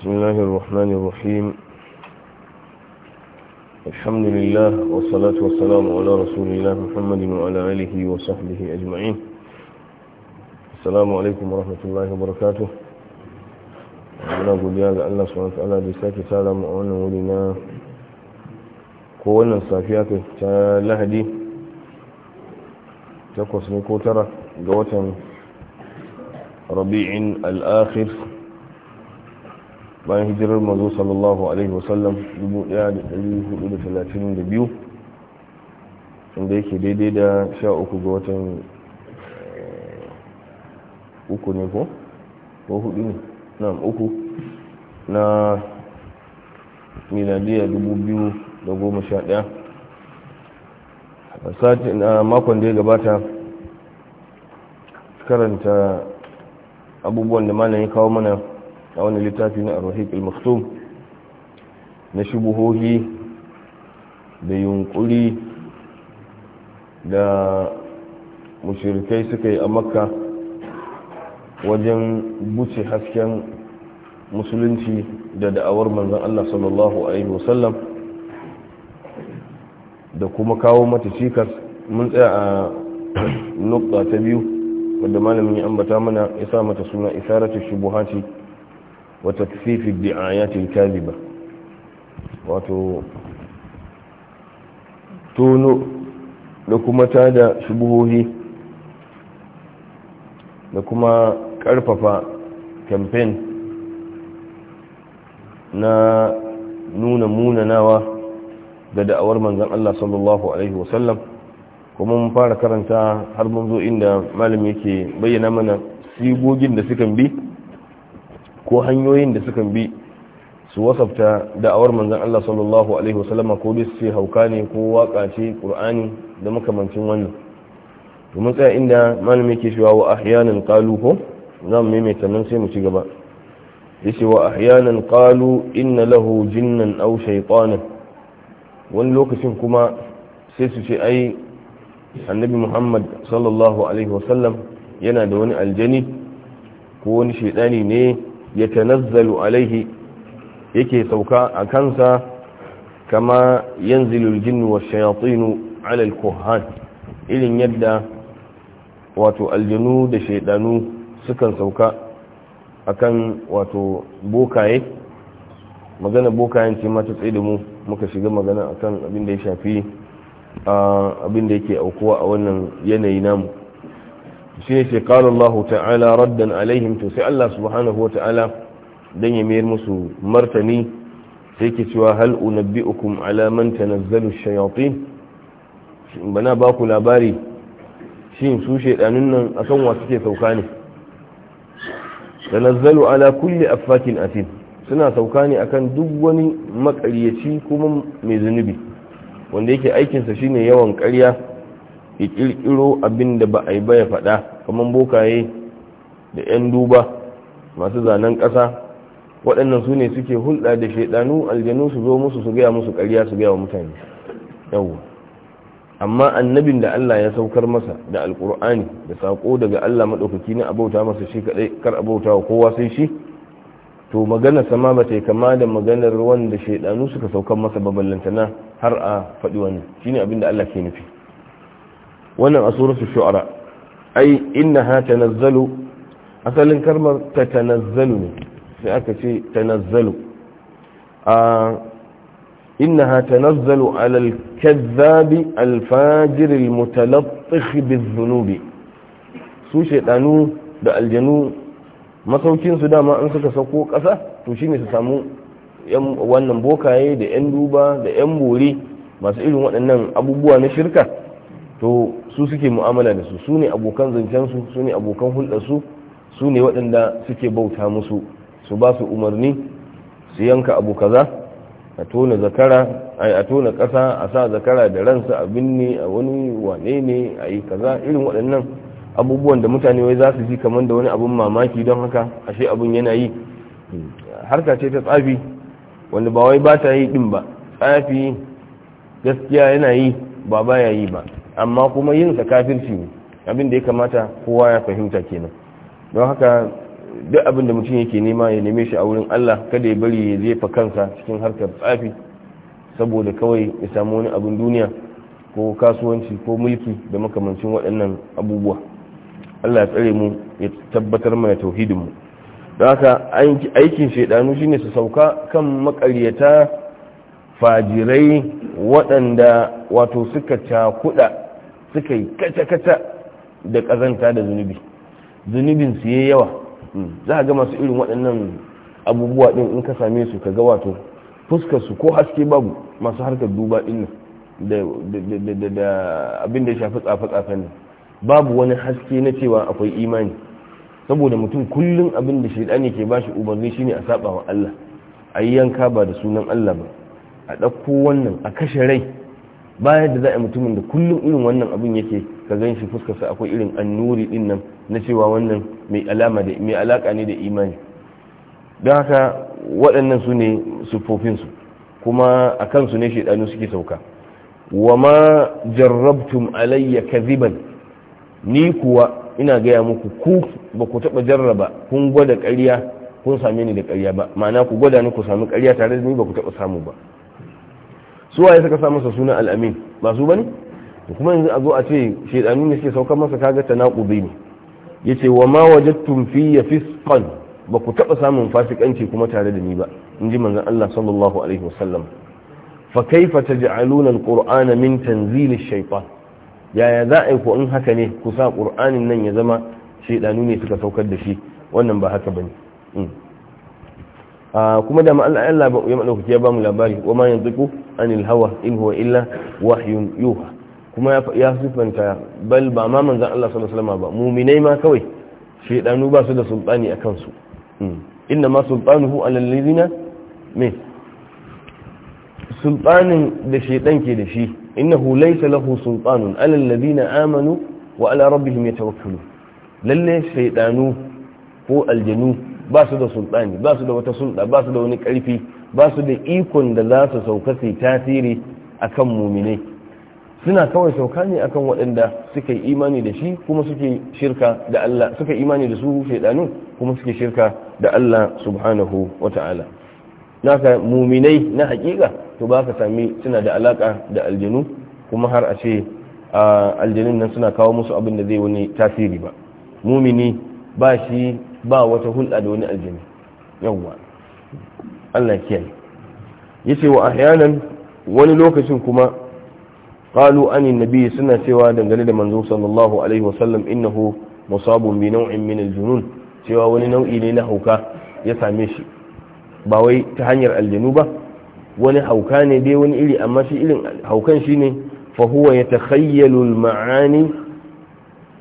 بسم الله الرحمن الرحيم الحمد لله والصلاة والسلام على رسول الله محمد وعلى آله وصحبه أجمعين السلام عليكم ورحمة الله وبركاته أنا أقول يا الله سبحانه وتعالى بساكي أقول وعنا ولنا قولنا السافيات تلهدي تقوى سنكوترة جوة ربيع الآخر bayan hijirar mazo sallallahu alaihi wasallam 1432 inda yake daidai da 13 ga watan eh, uku ne ko ko hudu ne na uku na miladiya 2011 a sati na makon da ya gabata karanta abubuwan da ya kawo mana a wani littafi na arwahik al na shubuhohi da yunkuri da mushirikai suka yi a makka wajen buce hasken musulunci da da'awar manzan Allah sallallahu Alaihi wasallam da kuma kawo mata cikas mun tsaya a nukta ta biyu wadda malamin ya ambata mana ya sa mata suna isaratu shubuhati wata fifi da'ayatul kaziba wato tono da kuma tada shubuhohi da kuma karfafa kamfen na nuna munanawa da da'awar manzan Allah sallallahu Alaihi wasallam kuma mun fara karanta har mun zo inda malam yake bayyana mana sigogin da suka bi ko hanyoyin da sukan bi su wasafta da'awar manzan Allah sallallahu alaihi wasallama ko dai hauka ne ko waka ce qur'ani da makamancin wannan domin tsaya inda malami ke shi wa ahyanan kalu ko za mu maimaita nan sai mu ci gaba yace wa ahyanan qalu inna lahu jinnan aw shaytanan wani lokacin kuma sai su ce ai annabi Muhammad sallallahu alaihi wasallam yana da wani aljani ko wani shaidani ne ya tanazzalu alaihi yake sauka a kansa kama yanzilul jinnu wa shayatinu ala al irin yadda wato aljinu da shaidanu sukan sauka akan wato bokaye magana bokayen ce mata tsaye da mu muka shiga magana akan abin da ya shafi ah, abin da yake aukuwa a wannan yanayi namu shi ne ce kala Allah ta'ala raddan alaihim to sai Allah subhanahu wa ta'ala dan ya mayar musu martani sai ke cewa hal unabbi'ukum ala man tanazzalu shayatin shin bana ba ku labari shin su shedanin nan akan wa suke sauka ne tanazzalu ala kulli affakin asim suna sauka ne akan duk wani makaryaci kuma mai zunubi wanda yake aikinsa shine yawan ƙarya ya kirkiro abin da ba a yi baya ya faɗa kamar bokaye da 'yan duba masu zanen ƙasa waɗannan su ne suke hulɗa da shaidanu aljanu su zo musu su gaya musu ƙarya su gaya wa mutane yawon amma annabin da Allah ya saukar masa da alkur'ani da saƙo daga Allah maɗaukaki na abauta masa shi kaɗai kar abauta wa kowa sai shi to magana sama ba ta kama da maganar wanda shaidanu suka saukar masa baballantana har a faɗi shi shine abin da Allah ke nufi wannan a suratul shu'ara ai innaha tanazzalu asalin kalmar ta tanazzalu ne sai aka ce tanazzalu a innaha tanazzalu ala al-kadhabi al-fajir al su shedanu da aljanu masaukin su dama an suka sauko kasa to shine su samu wannan bokaye da yan duba da yan bore masu irin waɗannan abubuwa na shirka to su suke mu'amala da su su ne abokan zancensu su ne abokan hulɗarsu su ne waɗanda suke bauta musu su ba su umarni su yanka abu kaza a tona zakara a tona ƙasa a sa zakara da ransa a binne a wani wane ne a yi kaza irin waɗannan abubuwan da mutane wai za su ji kamar da wani abun mamaki don haka ashe abun yana yi harka ce ta tsafi wanda ba wai ba ta yi din ba tsafi gaskiya yana yi ba baya yi ba amma kuma yin sa kafirci ne abin da ya kamata kowa ya fahimta kenan don haka duk abin da mutum yake nema ya neme shi a wurin Allah kada ya bari ya jefa kansa cikin harkar tsafi saboda kawai ya samu wani abin duniya ko kasuwanci ko mulki da makamancin waɗannan abubuwa Allah ya tsare mu ya tabbatar mana tauhidin mu don haka aikin shaidanu shine su sauka kan makaryata fajirai waɗanda wato suka cakuɗa suka yi kaca-kaca da ƙazanta da zunubi zunubin su yi yawa hmm. za a ga masu irin waɗannan abubuwa ɗin in ka same su ka ga wato fuskar su ko haske babu masu harkar duba ɗin da abin da ya shafi tsafe-tsafe ne babu wani haske na cewa akwai imani saboda mutum kullum abin da ne ke ba shi umarni shine a saba wa Allah a yi yanka ba da sunan Allah ba a ɗauko wannan a kashe rai bayan da za a mutumin da kullum irin wannan abin yake ka gan shi fuskarsa akwai irin annuri din nan na cewa wannan mai alama da mai alaka ne da imani don haka waɗannan su ne siffofinsu kuma a kansu ne shaidanu suke sauka wa ma jarrabtum alayya kaziban ni kuwa ina gaya muku ku ba ku taɓa jarraba kun gwada ƙarya kun same ni da ƙarya ba ma'ana ku gwada ni ku sami ƙarya tare da ni ba ku taɓa samu ba su ya saka sa masa suna al'amin ba su bane kuma yanzu a zo a ce shaidanu ne suke saukar masa kaga tanaqubi ne ce wa ma wajadtum fi fisqan ba ku taɓa samun fasikanci kuma tare da ni ba inji manzon Allah sallallahu alaihi wasallam fa kaifa taj'aluna alqur'ana min tanzil ash yaya za a yi ku in haka ne ku sa qur'anin nan ya zama shaidanu ne suka saukar da shi wannan ba haka ne. Ah, kuma da Allah ya maɗaukaki ya ba mu labari wa ma yanzu anil hawa in huwa illa wahyun yuha kuma ya sifanta bal ba ma manzan Allah sallallahu alaihi wasallam ba muminai ma kawai shedanu ba su da sultani a kansu hmm. inna ma sultanuhu ala allazina min sultanin da shedan ke da shi innahu laysa lahu sultanun ala allazina amanu wa ala rabbihim yatawakkalun lalle shaydanu ko aljanu ba su da sultani ba su da wata sulɗa ba su da wani ƙarfi ba su da ikon da za su sauka su tasiri akan muminai suna kawai sauka ne akan waɗanda suka yi imani da shi kuma suke shirka da Allah suka imani da su shaidanu kuma suke shirka da Allah subhanahu wa ta'ala naka muminai na hakika to ba ka sami suna da alaka da aljanu kuma har a ce aljanun nan suna kawo musu abin da zai wani tasiri ba mumini ba shi ba wata hulɗa da wani aljini yawwa Allah ya ce wa ahyanan wani lokacin kuma qalu anin nabi suna cewa dangane da manzo sallallahu alaihi wasallam innahu musabun bi naw'in min aljunun cewa wani nau'i ne na hauka ya same shi ba wai ta hanyar aljinu ba wani hauka ne dai wani iri amma shi irin haukan shine fa huwa yatakhayyalu al-ma'ani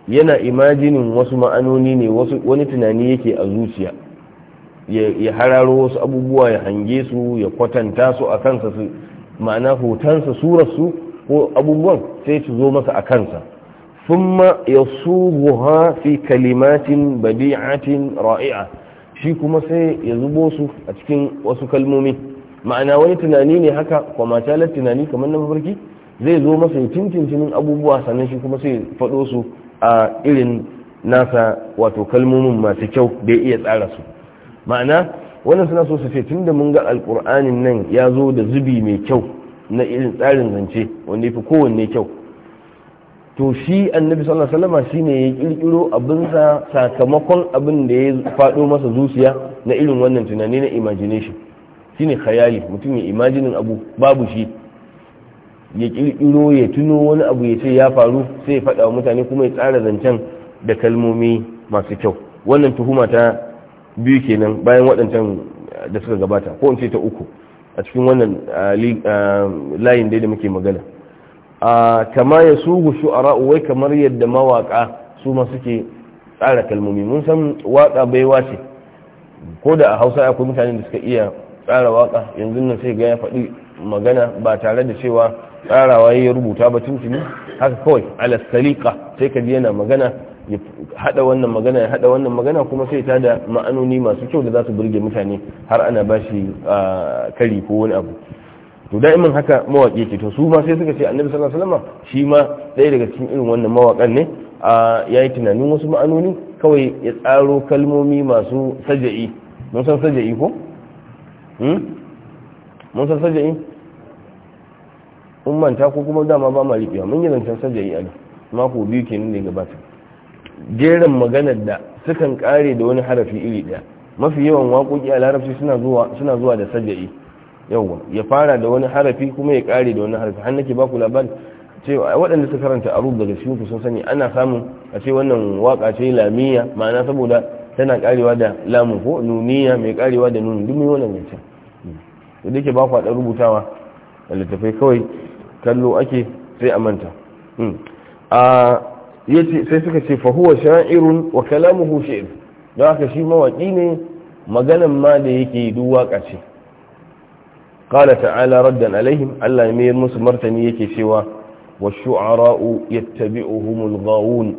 yana imajinin wasu ma'anoni ne wani tunani yake a zuciya ya hararo wasu abubuwa ya hange su ya kwatanta su a kansa su ma'ana hotonsa surarsu ko abubuwan sai su zo masa a kansa thumma yasubuha fi kalimatin badi'atin ra'i'a shi kuma sai ya zubo su a cikin wasu kalmomi ma'ana wani tunani ne haka kuma talar tunani kamar na mafarki zai zo masa ya tuntuntunin abubuwa sannan shi kuma sai faɗo su a irin nasa wato kalmomin masu kyau da ya iya tsara su ma'ana wannan suna so su ce da mun ga alkur'anin nan ya zo da zubi mai kyau na irin tsarin zance wanda fi kowanne kyau to shi annabi sallallahu alaihi wasallam shine ya kirkiro abin sa sakamakon abin da ya fado masa zuciya na irin wannan tunani na imagination shine khayali mutum ya imagine abu babu shi ya kirkiro ya tuno wani abu ya ce ya faru sai ya faɗa wa mutane kuma ya tsara zancen da kalmomi masu kyau wannan tuhuma ta biyu kenan bayan waɗancan eh, da suka gabata ko in ce ta uku a cikin wannan eh, eh, layin dai da muke magana a kama ya sugu shu'ara wai kamar yadda mawaka su ma suke tsara kalmomi mun san waka baiwa ce ko da a hausa akwai mutane da suka iya tsara waka yanzu nan sai ga ya faɗi magana ba tare da cewa tsarawa ya rubuta ba tuntuni haka kawai ala salika sai ka ji yana magana ya hada wannan magana ya hada wannan magana kuma sai ta da ma'anoni masu kyau da za su burge mutane har ana bashi shi kari ko wani abu to da'iman haka mawaƙi ke to su ma sai suka ce annabi sallallahu alaihi wasallam shi ma ɗaya daga cikin irin wannan mawaƙan ne ya yi tunanin wasu ma'anoni kawai ya tsaro kalmomi masu saja'i mun san saja'i ko hmm? mun san saja'i in manta ko kuma dama ba ma riƙewa mun yi zancen sajjayi a mako biyu nan da ya gabata jerin maganar da sukan kare da wani harafi iri ɗaya mafi yawan waƙoƙi a larabci suna zuwa da sajayi yawwa ya fara da wani harafi kuma ya kare da wani harafi hannake nake ba ku labari cewa waɗanda suka karanta rubu daga cikin sun sani ana samun a ce wannan waka ce lamiya ma'ana saboda tana karewa da lamun ko nuniya mai karewa da nuni duk mai wannan zancen da ke ba ku a rubutawa da littafai kawai kallo ake sai a manta a yace sai suka ce fa huwa sha'irun wa kalamuhu shi'r don aka shi mawaki ne maganan ma da yake duwa kace ce qala ta'ala raddan alaihim Allah mai musu martani yake cewa والشعراء يتبعهم الغاوون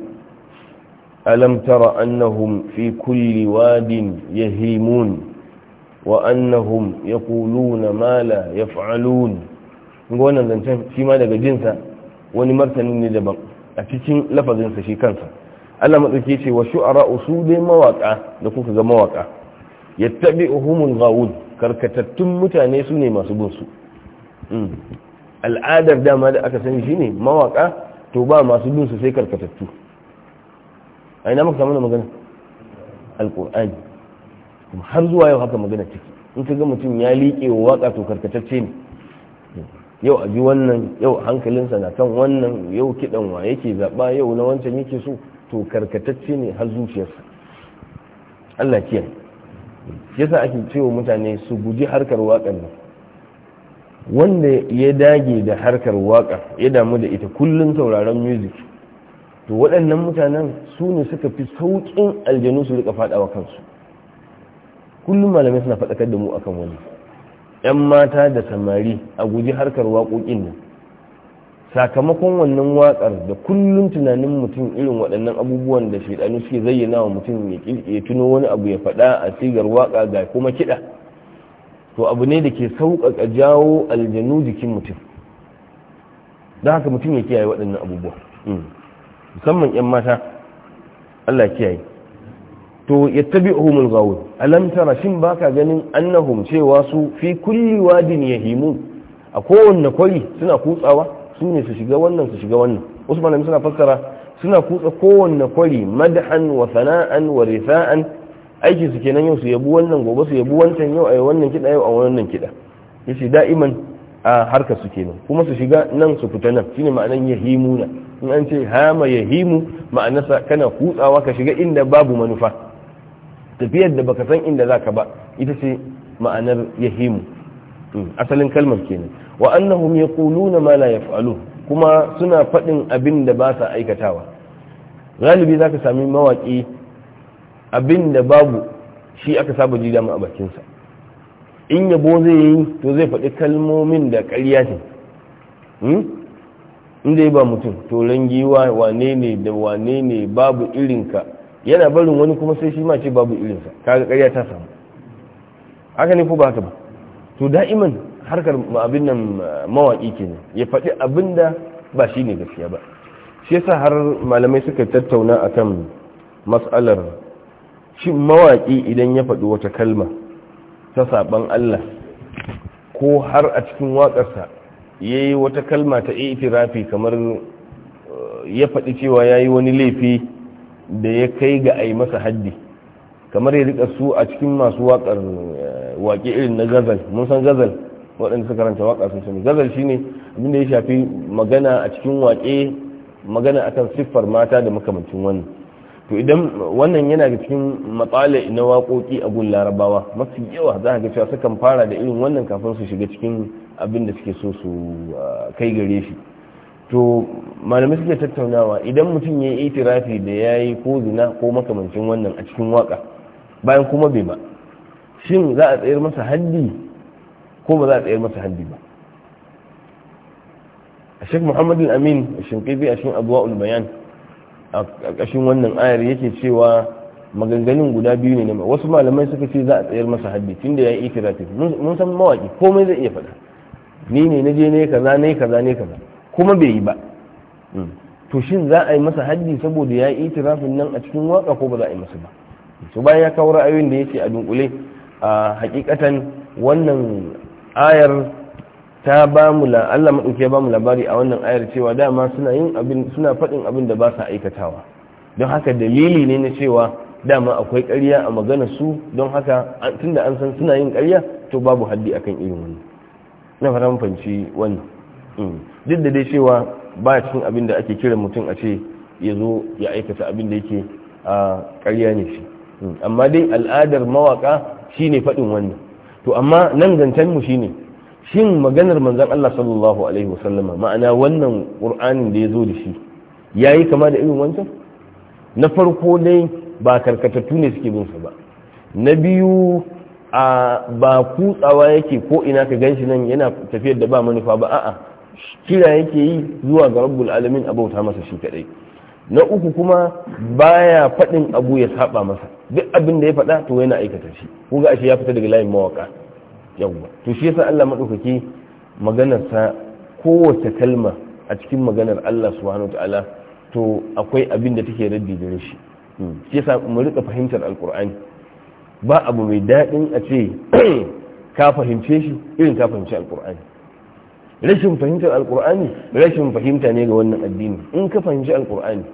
ألم تر أنهم في كل واد يهيمون وأنهم يقولون ما لا يفعلون ga wannan zancen shi ma daga jinsa wani martani ne daban a cikin lafazinsa shi kansa Allah matsaki ce wa shu'ara su dai mawaka da kuka ga mawaka uhumun ghawun karkatattun mutane su ne masu bin su hmm. al'adar dama da aka sani shine mawaka to ba masu bin su sai karkatattu a ina maka samu da magana alqur'ani har zuwa yau haka magana ciki in ka ga mutum ya liƙe wa waka to karkatacce ne yau a ji wannan yau hankalinsa na kan wannan yau kiɗan wa yake zaɓa yau na wancan yake so to karkatacce ne har zuciyarsa Allah ke yasa ake cewa mutane su guji harkar waƙar nan wanda ya dage da harkar waƙar ya damu da ita kullum sauraron music to waɗannan mutanen su ne suka fi sauƙin aljanu su rika faɗawa kansu kullum malamai suna faɗakar da mu akan wani 'yan mata da samari a guji harkar waƙoƙin nan sakamakon wannan waƙar da kullum tunanin mutum irin waɗannan abubuwan da shaidanu suke zayyana wa mutum ya tuno wani abu ya faɗa a sigar waƙa ga kuma kiɗa to abu ne da ke sauƙaƙa jawo aljanu jikin mutum don haka mutum ya kiyaye waɗannan abubuwa hmm. musamman 'yan mata allah kiyaye to yattabi'uhum al-ghawun alam tara shin baka ganin annahum cewa su fi kulli wadin yahimun a kowanne kwari suna kutsawa su ne su shiga wannan su shiga wannan wasu malami suna fassara suna kutsa kowanne kwari madahan wa sana'an wa rifa'an aikin su kenan yau su yabu wannan gobe su yabu wancan yau ayi wannan kida yau a wannan kida yace da'iman a harkar su kenan kuma su shiga nan su fita nan shine ma'anan yahimuna in an ce hama yahimu ma'anarsa kana kutsawa ka shiga inda babu manufa tafiyar da baka san inda zaka ba ita ce ma'anar yahimu hmm, asalin kalmar kenan wa annahum yaquluna ma la yaf'alu kuma suna faɗin abin da ba sa aikatawa galibi zaka sami mawaki abin da babu shi aka saba ji mu a bakinsa in yabo zai yi to zai faɗi kalmomin da ƙarya ce hmm? inda ya ba mutum to rangiwa wane ne da wane ne babu irinka yana barin wani kuma sai shi ma ce babu ilinsa kaga ƙarya ta samu haka ne ko ba haka ba to da'iman harkar abin nan mawaƙi kenan ya faɗi abin da ba shi ne gaskiya ba shi yasa har malamai suka tattauna akan matsalar shi mawaƙi idan ya faɗi wata kalma ta saɓan Allah ko har a cikin waƙarsa ya yi wata kalma ta itirafi kamar eh, ya faɗi cewa ya yi wani laifi da ya kai ga ai masa haddi kamar ya rika su a cikin masu waƙar eh, waƙe irin na gazal mun san gazal waɗanda suka ranta waƙa sun sami gazal shine abin da ya shafi magana a cikin waƙe magana akan siffar mata da makamancin wannan to idan wannan yana da cikin matsala na waƙoƙi a gun larabawa mafi yawa za ka ga cewa sukan fara da irin wannan kafin su shiga cikin abin da suke so su eh, kai gare shi to malamai suke tattaunawa idan mutum ya yi itirafi da ya yi ko zina ko makamancin wannan a cikin waka bayan kuma bai ba shin za a tsayar masa haddi ko ba za a tsayar masa haddi ba a shek muhammadu amin a shinkifi a shin abuwa bayan a ƙarƙashin wannan ayar yake cewa maganganun guda biyu ne wasu malamai suka ce za a tsayar masa haddi tun da ya yi itirafi mun san mawaki komai zai iya faɗa ni ne na je ne kaza ne kaza ne kaza kuma bai yi ba to shin za a yi masa haddi saboda ya yi itirafin nan a cikin waka ko ba za a yi masa ba to bayan ya kawo ra'ayoyin da yake a dunkule a hakikatan wannan ayar ta ba mu la Allah madauki ya ba mu labari a wannan ayar cewa dama suna yin abin suna faɗin abin da ba sa aikatawa don haka dalili ne na cewa dama akwai ƙarya a magana su don haka tunda an san suna yin ƙarya to babu haddi akan irin wannan na fara mun fanci wannan mm. duk da dai cewa ba cikin abin da ake kiran mutum a ce ya zo ya aikata abin da yake a ƙarya ne shi hmm. amma dai al'adar mawaƙa ne faɗin wannan to amma nan zancen mu shi ne. shin maganar manzan Allah sallallahu alaihi wasallama ma'ana wannan ƙur'anin da ya zo da shi ya yi kama da irin wancan na farko dai ba karkatattu ne suke bin ba na biyu a ba kutsawa yake ko ina ka shi nan yana tafiyar da ba manufa ba a'a kira yake yi zuwa ga rabbul alamin a bauta masa shi kadai na uku kuma baya faɗin abu ya saba masa duk abin da ya faɗa to yana aikata shi ko ga ashe ya fita daga layin mawaka yawwa to shi yasa Allah madaukake maganar sa kowace kalma a cikin maganar Allah subhanahu ta'ala to akwai abin da take raddi gare shi hmm. shi yasa mu rika fahimtar alqur'ani ba abu mai daɗin a ce ka fahimce shi irin ka fahimci alqur'ani rashin fahimtar alkur'ani rashin fahimta ne ga wannan addini in ka fahimci alkur'ani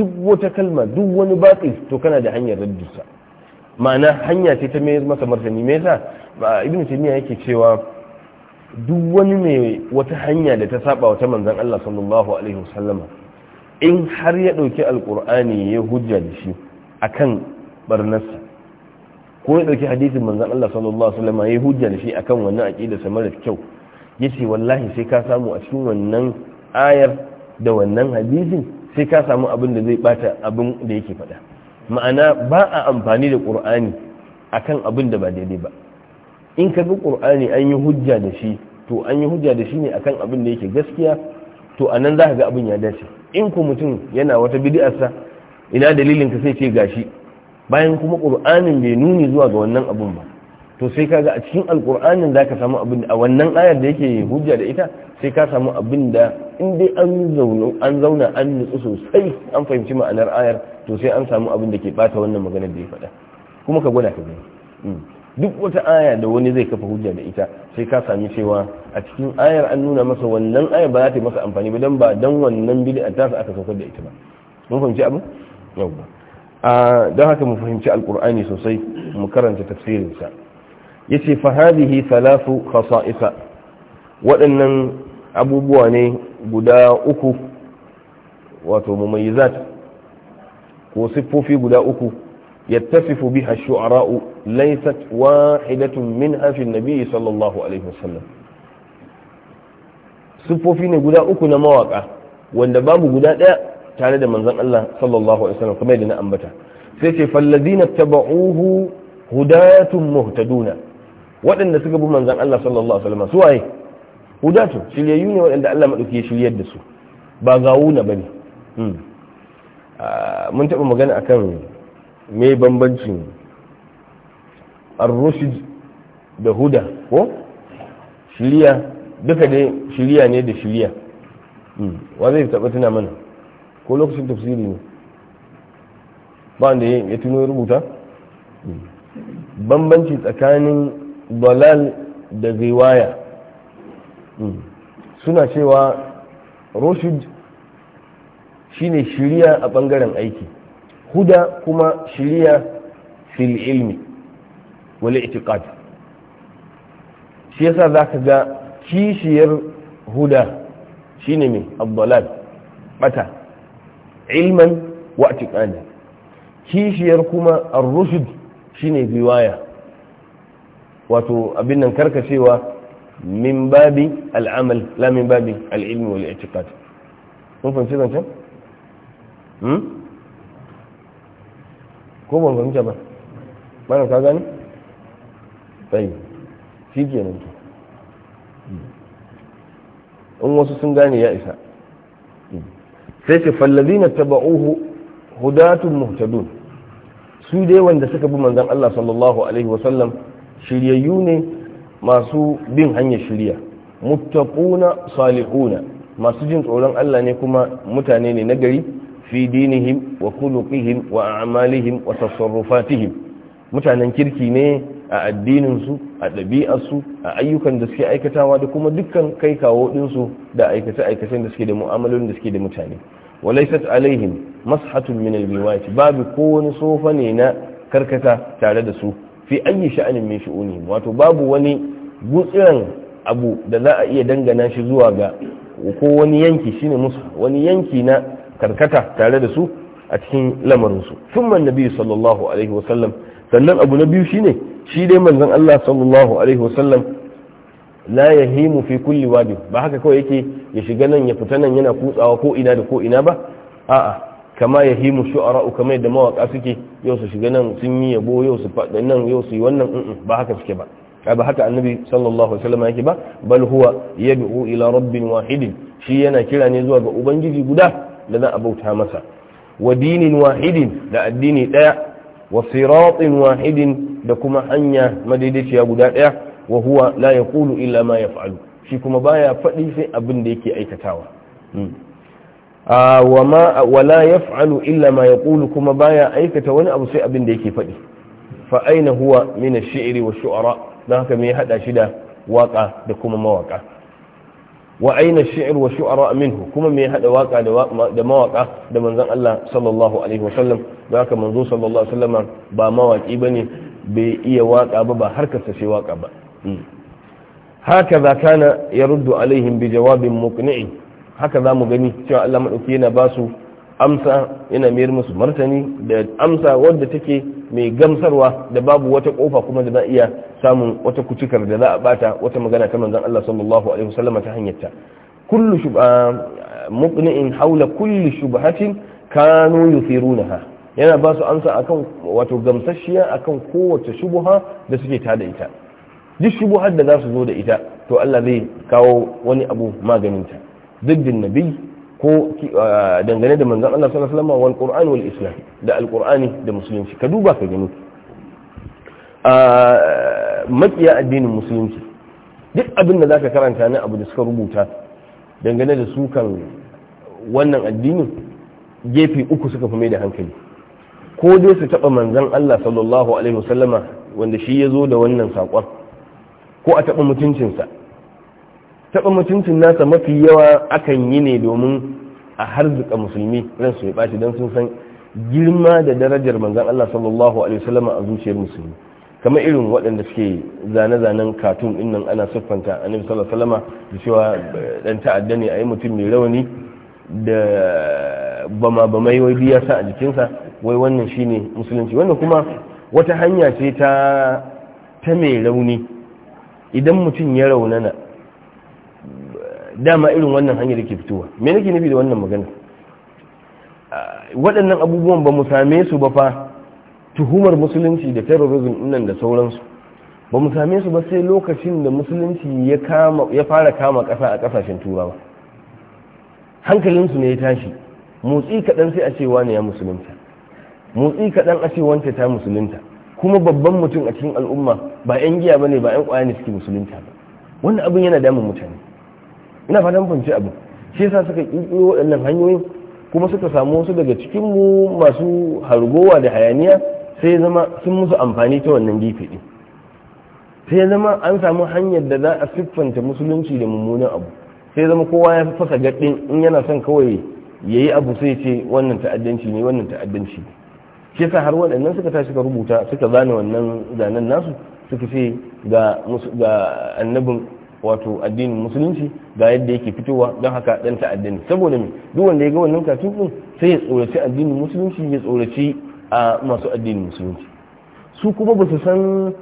duk wata kalma duk wani baki to kana da hanyar raddusa ma'ana hanya ce ta mayar masa martani me yasa ba ibnu taymiya yake cewa duk wani mai wata hanya da ta saba wata manzon Allah sallallahu alaihi wasallama in har ya dauki alkur'ani ya hujja da shi akan barnarsa ko ya dauki hadisin manzon Allah sallallahu alaihi wasallama ya hujja da shi akan wannan aqida samar da kyau yace wallahi sai ka samu a cikin wannan ayar da wannan hadisin sai ka samu abin da zai bata abin da yake faɗa ma'ana ba a amfani da qur'ani akan abin da ba daidai ba in ka ga qur'ani an yi hujja da shi to an yi hujja da shi ne akan abin da yake gaskiya to anan za ka ga abin ya dace in ku mutum yana wata bidi'arsa ina dalilin ka sai ce gashi bayan kuma qur'anin bai nuni zuwa ga wannan abin ba to sai kaga a cikin alkur'anin ka samu abin a wannan ayar da yake hujja da ita sai ka samu abin da in dai an zauna an zauna an nutsu sosai an fahimci ma'anar ayar to sai an samu abin da ke bata wannan maganar da ya faɗa kuma ka gwada ka gani mm. duk wata aya da wani zai kafa hujja da ita sai ka sami cewa a cikin ayar an nuna masa wannan ayar ba za ta yi masa amfani ba don ba don wannan bid'a ta aka saukar da ita ba mun fahimci abin yau ba ah, don haka mu fahimci alkur'ani sosai mu karanta tafsirinsa yace fa hadhihi thalathu khasa'ifa waɗannan abubuwa ne guda uku wato mumayyizat ko siffofi guda uku yattasifu biha shu'ara'u laysat wahidatun min hafi nabi sallallahu alaihi wasallam siffofi ne guda uku na mawaka wanda babu guda ɗaya tare da manzon Allah sallallahu alaihi wasallam kamar yadda na ambata sai ce fallazina tabauhu hudatun muhtaduna waɗanda suka bi manzan Allah sallallahu alaihi wasallam su waye hudatu shiryayyu ne waɗanda Allah maɗauki ya shiryar da su ba gawuna bane hmm. ah, mun taɓa magana akan me bambancin ar-rushd da huda ko shiriya duka dai shiriya ne da shiriya hmm. wa zai taɓa tuna mana ko lokacin tafsiri ne ba wanda ya tuno rubuta hmm. bambanci tsakanin dalal da riwaya hmm. suna cewa rushid shine shiriya a bangaren aiki huda kuma shiriya fil ilmi wal i'tiqad shi yasa zaka ga kishiyar huda shine mai abdalal bata ilman wa i'tiqadan kishiyar kuma ar-rushd shine riwaya wato abin nan karkacewa min babi al'amal la min babi al'ilmi wal i'tiqad kun fahimci zancen hmm ko ban fahimta ba mana ka gani sai shi kenan to in wasu sun gane ya isa sai ce fallazina taba'uhu hudatun muhtadun su dai wanda suka bi manzon Allah sallallahu alaihi wasallam shiryayyu ne masu bin hanyar shirya muttaquna salihuna masu jin tsoron Allah ne kuma mutane ne nagari fi dinihim wa khuluqihim wa a'malihim wa tasarrufatihim mutanen kirki ne a addininsu a ɗabi'arsu a ayyukan da suke aikatawa da kuma dukkan kai kawo ɗinsu da aikace-aikacen da suke da mu'amalolin da suke da mutane walaisat alaihim mashatun min albiwati babu ko wani sofa ne na karkata tare da su fi ayi sha'anin min shu'uni wato babu wani gutsiran abu da za a iya dangana shi zuwa ga ko wani yanki shine musu wani yanki na karkata tare da su a cikin lamarinsu tun man nabi sallallahu alaihi wasallam sannan abu na biyu shine shi dai manzon Allah sallallahu alaihi wasallam la yahimu fi kulli wadi ba haka kawai yake ya shiga nan ya fita nan yana kutsawa ko ina da ko ina ba a'a kama ya himu shu'ara'u kamar yadda mawaka suke yau su shiga nan sun yi yabo yau su faɗa nan yau su yi wannan ba haka suke ba ba haka annabi sallallahu alaihi wasallam yake ba bal huwa yad'u ila rabbin wahidin shi yana kira ne zuwa ga ubangiji guda da za a bauta masa wa dinin wahidin da addini daya wa siratin wahidin da kuma hanya madaidaiciya guda daya wa huwa la yaqulu illa ma yaf'alu shi kuma baya faɗi sai abin da yake aikatawa hmm. Ah, wala yaf'alu illa ma yaqulu kuma baya aikata wani abu sai abin da yake faɗi fa aina huwa min ash-shi'ri wa shu'ara dan haka me hada shi da waka da kuma mawaka wa aina ash-shi'r wa shu'ara minhu kuma me hada waka da mawaka da manzon Allah sallallahu alaihi wa sallam dan haka manzo sallallahu alaihi wa sallam ba mawaki bane bai iya waka ba ba harkar sa shi waka ba hmm. hakaza kana yaruddu alaihim bi jawabin muqni'in haka za mu gani cewa Allah maɗauki yana ba su amsa yana mayar musu martani da amsa wadda take mai gamsarwa da babu wata kofa kuma da za iya samun wata kucikar da za a bata wata magana ta manzon Allah sallallahu alaihi wasallam ta hanyar ta kullu shubha muqni'in haula kulli shubhatin kanu yuthirunaha yana ba su amsa akan wato gamsasshiya akan kowace shubha da suke tada ita duk shubhar da za su zo da ita to Allah zai kawo wani abu maganinta ziddin nabi ko uh, dangane da manzan Allah sallallahu alaihi wasallam wal qur'an wal islam da alqur'ani da musulunci ka duba ka gani a uh, makiya addinin musulunci duk abin da zaka karanta na abu da suka rubuta dangane da su kan wannan addinin gefe uku suka fi mai da hankali ko dai su taba manzan Allah sallallahu alaihi wasallama wanda shi ya zo da wannan sakon ko a taba mutuncinsa taɓa mutuncin nasa mafi yawa akan yi ne domin a harzuka musulmi ran su ya ɓaci don sun san girma da darajar manzan Allah sallallahu alaihi wasallam a zuciyar musulmi kamar irin waɗanda suke zane-zanen katun ɗin ana siffanta annabi sallallahu alaihi wasallam da cewa dan ta'adda ne a yi mutum mai rauni da bama bamai wai biya sa a jikinsa wai wannan shine musulunci wannan kuma wata hanya ce ta ta mai rauni idan mutum ya raunana dama irin wannan hanyar ke fitowa me nake nufi da wannan magana waɗannan abubuwan ba mu same su ba fa tuhumar musulunci da terrorism nan da sauransu ba mu same su ba sai lokacin da musulunci ya fara kama ƙasa a ƙasashen turawa hankalinsu ne ya tashi motsi kaɗan sai a ce wane ya musulunta motsi kaɗan a ce wance ta musulunta kuma babban mutum a cikin al'umma ba 'yan giya ba ne ba 'yan ƙwaya ne suke musulunta ba wannan abin yana damun mutane ina fatan fahimci abin shi yasa suka kirkiro waɗannan hanyoyin kuma suka samu wasu daga cikin mu masu hargowa da hayaniya sai zama sun musu amfani ta wannan gefe ɗin sai zama an samu hanyar da za a siffanta musulunci da mummunan abu sai zama kowa ya fasa gaddin in yana son kawai ya yi abu sai ce wannan ta'addanci ne wannan ta'addanci ne shi yasa har waɗannan suka tashi suka rubuta suka zane wannan zanen nasu suka ce ga annabin wato addinin musulunci ga yadda yake fitowa don haka dan ta'adda saboda mai duk wanda ya ga wannan katun din sai ya tsoraci addinin musulunci ya tsoraci a masu addinin musulunci su kuma ba su san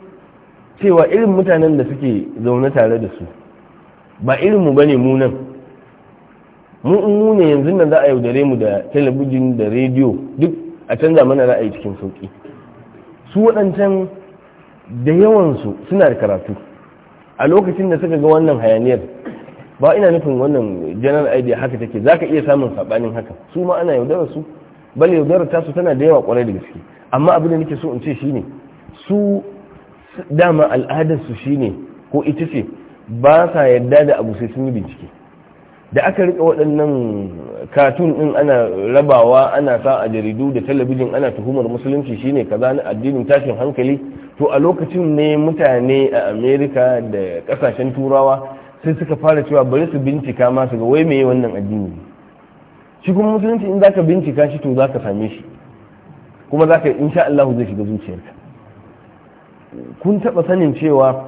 cewa irin mutanen da suke zaune tare da su ba irin mu bane mu nan mu in mu ne yanzu nan za a yaudare mu da talabijin da rediyo duk a canza mana ra'ayi cikin sauki su waɗancan da yawansu suna da karatu a lokacin da suka ga wannan hayaniyar ba ina nufin wannan general idea haka take za ka iya samun saɓanin haka su ma ana yaudarar su bal yaudarar tasu tana da yawa kwarai da gaske amma abin da nake so in ce shine su dama al'adarsu su shine ko ita ce ba sa yarda da abu sai sun yi bincike da aka rika waɗannan katun ɗin ana rabawa ana sa a jaridu da talabijin ana tuhumar musulunci shine kaza na addinin tashin hankali to a lokacin ne mutane a amerika da kasashen turawa sai suka fara cewa bari su bincika masu ga wai wannan addini shi kuma musulunci in zaka bincika shi to zaka same shi kuma zaka insha Allah zai shiga zuciyarka kun taba sanin cewa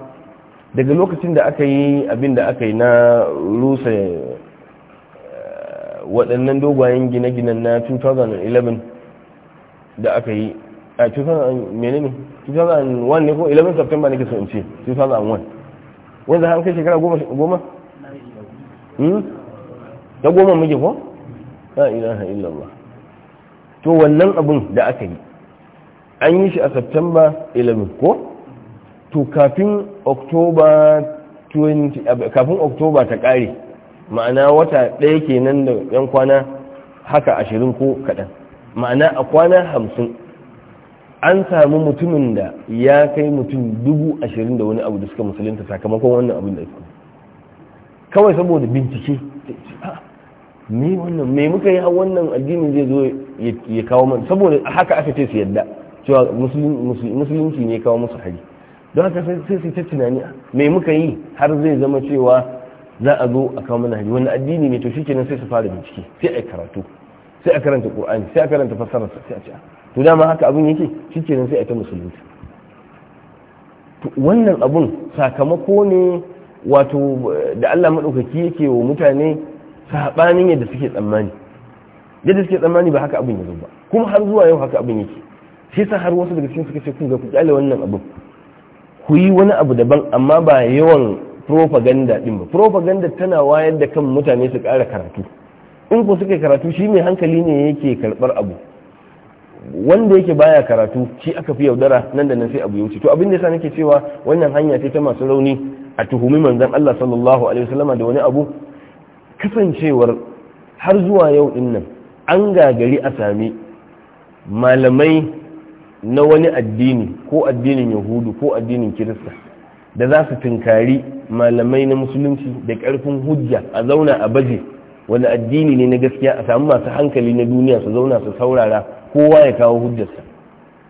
daga lokacin da aka yi abin da aka yi na rusa eh, waɗannan dogayen gine-ginen na 2011 da aka yi a 2000 menene 2001 ne ko 11 september nake so in ce 2001 wanda an kai shekara goma goma da hmm? goma muke ko la ilaha illallah to wannan abun da aka yi an yi shi a september 11 ko to kafin october 20 kafin october ta kare ma'ana wata ɗaya kenan da yan kwana haka ashirin ko kaɗan ma'ana a kwana hamsin an samu mutumin da ya kai mutum dubu ashirin da wani abu da suka musulunta sakamakon wannan abin da suka kawai saboda bincike ah, me wannan me muka yi wannan addini zai zo ya kawo mana saboda haka aka ce su yadda cewa musulunci ne kawo musu hari don haka sai su ta tunani ah, me muka yi har zai zama cewa za a zo a kawo mana hari wani addini ne to shikenan sai su fara bincike sai a karatu sai a karanta qur'ani sai a karanta fassararsa sai a ce ah, to dama haka abin yake shi kenan sai a ta musulunci wannan abun sakamako ne wato eh, da Allah maɗaukaki yake wa mutane saɓanin yadda suke tsammani yadda suke tsammani ba haka abin ya ba kuma har zuwa yau haka abin yake sai sa har wasu daga cikin suka ce ga ku kyale wannan abin ku yi wani abu daban amma ba yawan propaganda ɗin ba propaganda tana wayar da kan mutane su ƙara karatu in ku suka karatu shi mai hankali ne yake karɓar abu wanda yake baya karatu shi aka fi yaudara nan da nan sai abu ya to abin da yasa nake cewa wannan hanya ce ta masu rauni a tuhumi manzon Allah sallallahu alaihi wasallama da wani abu kasancewar har zuwa yau din nan an gagari a sami malamai na wani addini ko addinin yahudu ko addinin kirista da za su tunkari malamai na musulunci da karfin hujja a zauna a baje wani addini ne na gaskiya a samu masu hankali na duniya su zauna su saurara kowa ya kawo hujjarsa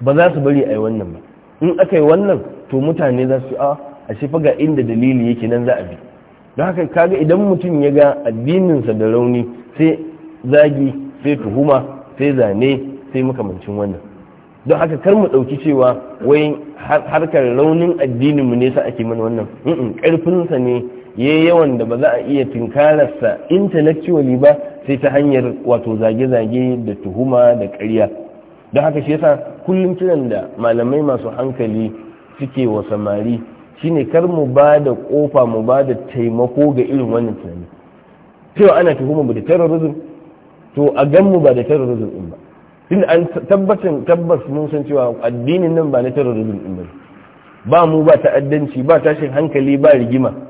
ba za su bari a yi wannan ba in aka yi wannan to mutane za su a a shifa ga inda dalili yake nan za a bi don haka kaga idan mutum ya ga addininsa da rauni sai zagi sai tuhuma sai zane sai makamancin wannan don haka kar mu ɗauki cewa wai harkar raunin addininmu ne sa ake mana wannan ƙarfinsa ne ya yawan da ba za a iya tinkararsa intellectually ba sai ta hanyar wato zage-zage da tuhuma da ƙarya don haka shi yasa kullum kiran da malamai masu hankali suke wa samari shine kar mu ba da kofa mu ba da taimako ga irin wannan tunani cewa ana tuhuma mu da terrorism to a gan mu ba da terrorism din ba tun an tabbacin tabbas mun san cewa addinin nan ba na terrorism din ba ba mu ba ta'addanci ba tashin hankali ba rigima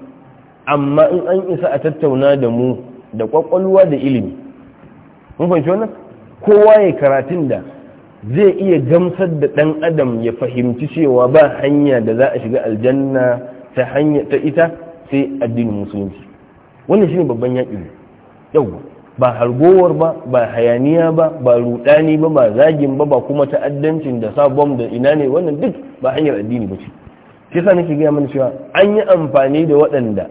amma in an isa a tattauna da mu da kwakwalwa da ilimi mun fahimci wannan kowa ya karatun da zai iya gamsar da ɗan adam ya fahimci cewa ba hanya da za a shiga aljanna ta hanya ta ita sai addinin musulunci wannan shine babban yaƙi yau ba hargowar ba ba hayaniya ba ba rudani ba ba zagin ba ba kuma ta'addancin da sa bom da ina ne wannan duk ba hanyar addini ba ce shi sa nake gaya mana cewa an yi amfani da waɗanda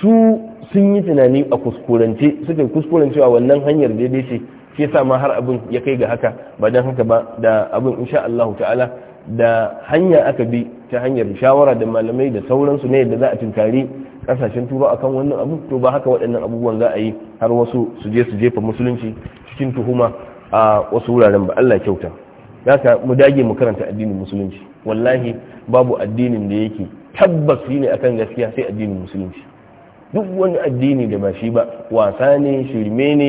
su sun yi tunani a kuskurance suka yi wannan hanyar daidai ce shi yasa ma har abin ya kai ga haka ba dan haka ba da abin insha Allah ta'ala da hanya aka bi ta hanyar shawara da malamai da sauransu ne da za a tunkari kasashen turo akan wannan abu to ba haka waɗannan abubuwan za a yi har wasu su je su jefa musulunci cikin tuhuma a wasu wuraren ba Allah kyauta haka mu dage mu karanta addinin musulunci wallahi babu addinin da yake tabbas ne akan gaskiya sai addinin musulunci duk wani addini da ba shi ba wasa ne shirme ne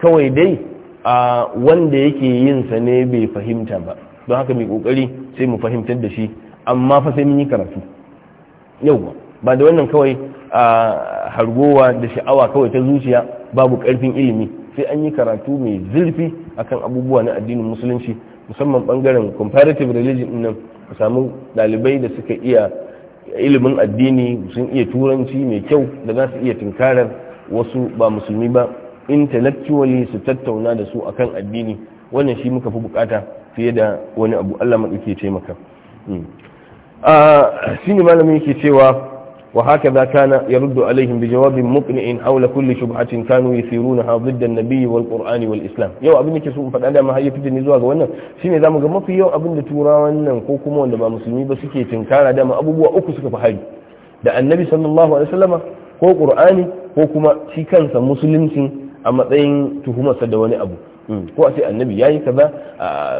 kawai dai a wanda yake yin sa ne bai fahimta ba don haka mai kokari sai mu fahimtar da shi amma fa sai mun yi karatu yauwa ba da wannan kawai a hargowa da sha'awa kawai ta zuciya babu karfin ilimi sai an yi karatu mai zurfi akan abubuwa na addinin musulunci musamman bangaren comparative religion nan mu samu dalibai da suka iya ilimin addini sun iya turanci mai kyau da za su iya tunkarar wasu ba musulmi ba intellectually su tattauna da su akan addini wannan shi muka fi bukata fiye da wani abu Allah maɗauke taimaka hmm. ah, shi ne malamin yake cewa وهكذا كان يرد عليهم بجواب مقنع حول كل شبهة كانوا يثيرونها ضد النبي والقرآن والإسلام يو أبن كسوم فالأنا ما هي فتن نزوها قولنا سيني ذا مقام في يو أبن تورا وانا نقوكم وانا با مسلمين بس كي تنكار دام أبو بوا أكسك فهاي دا النبي صلى الله عليه وسلم هو قرآني هو كما شكانسا مسلم أما تين تهما سدواني أبو ko a ce annabi ya yi kaza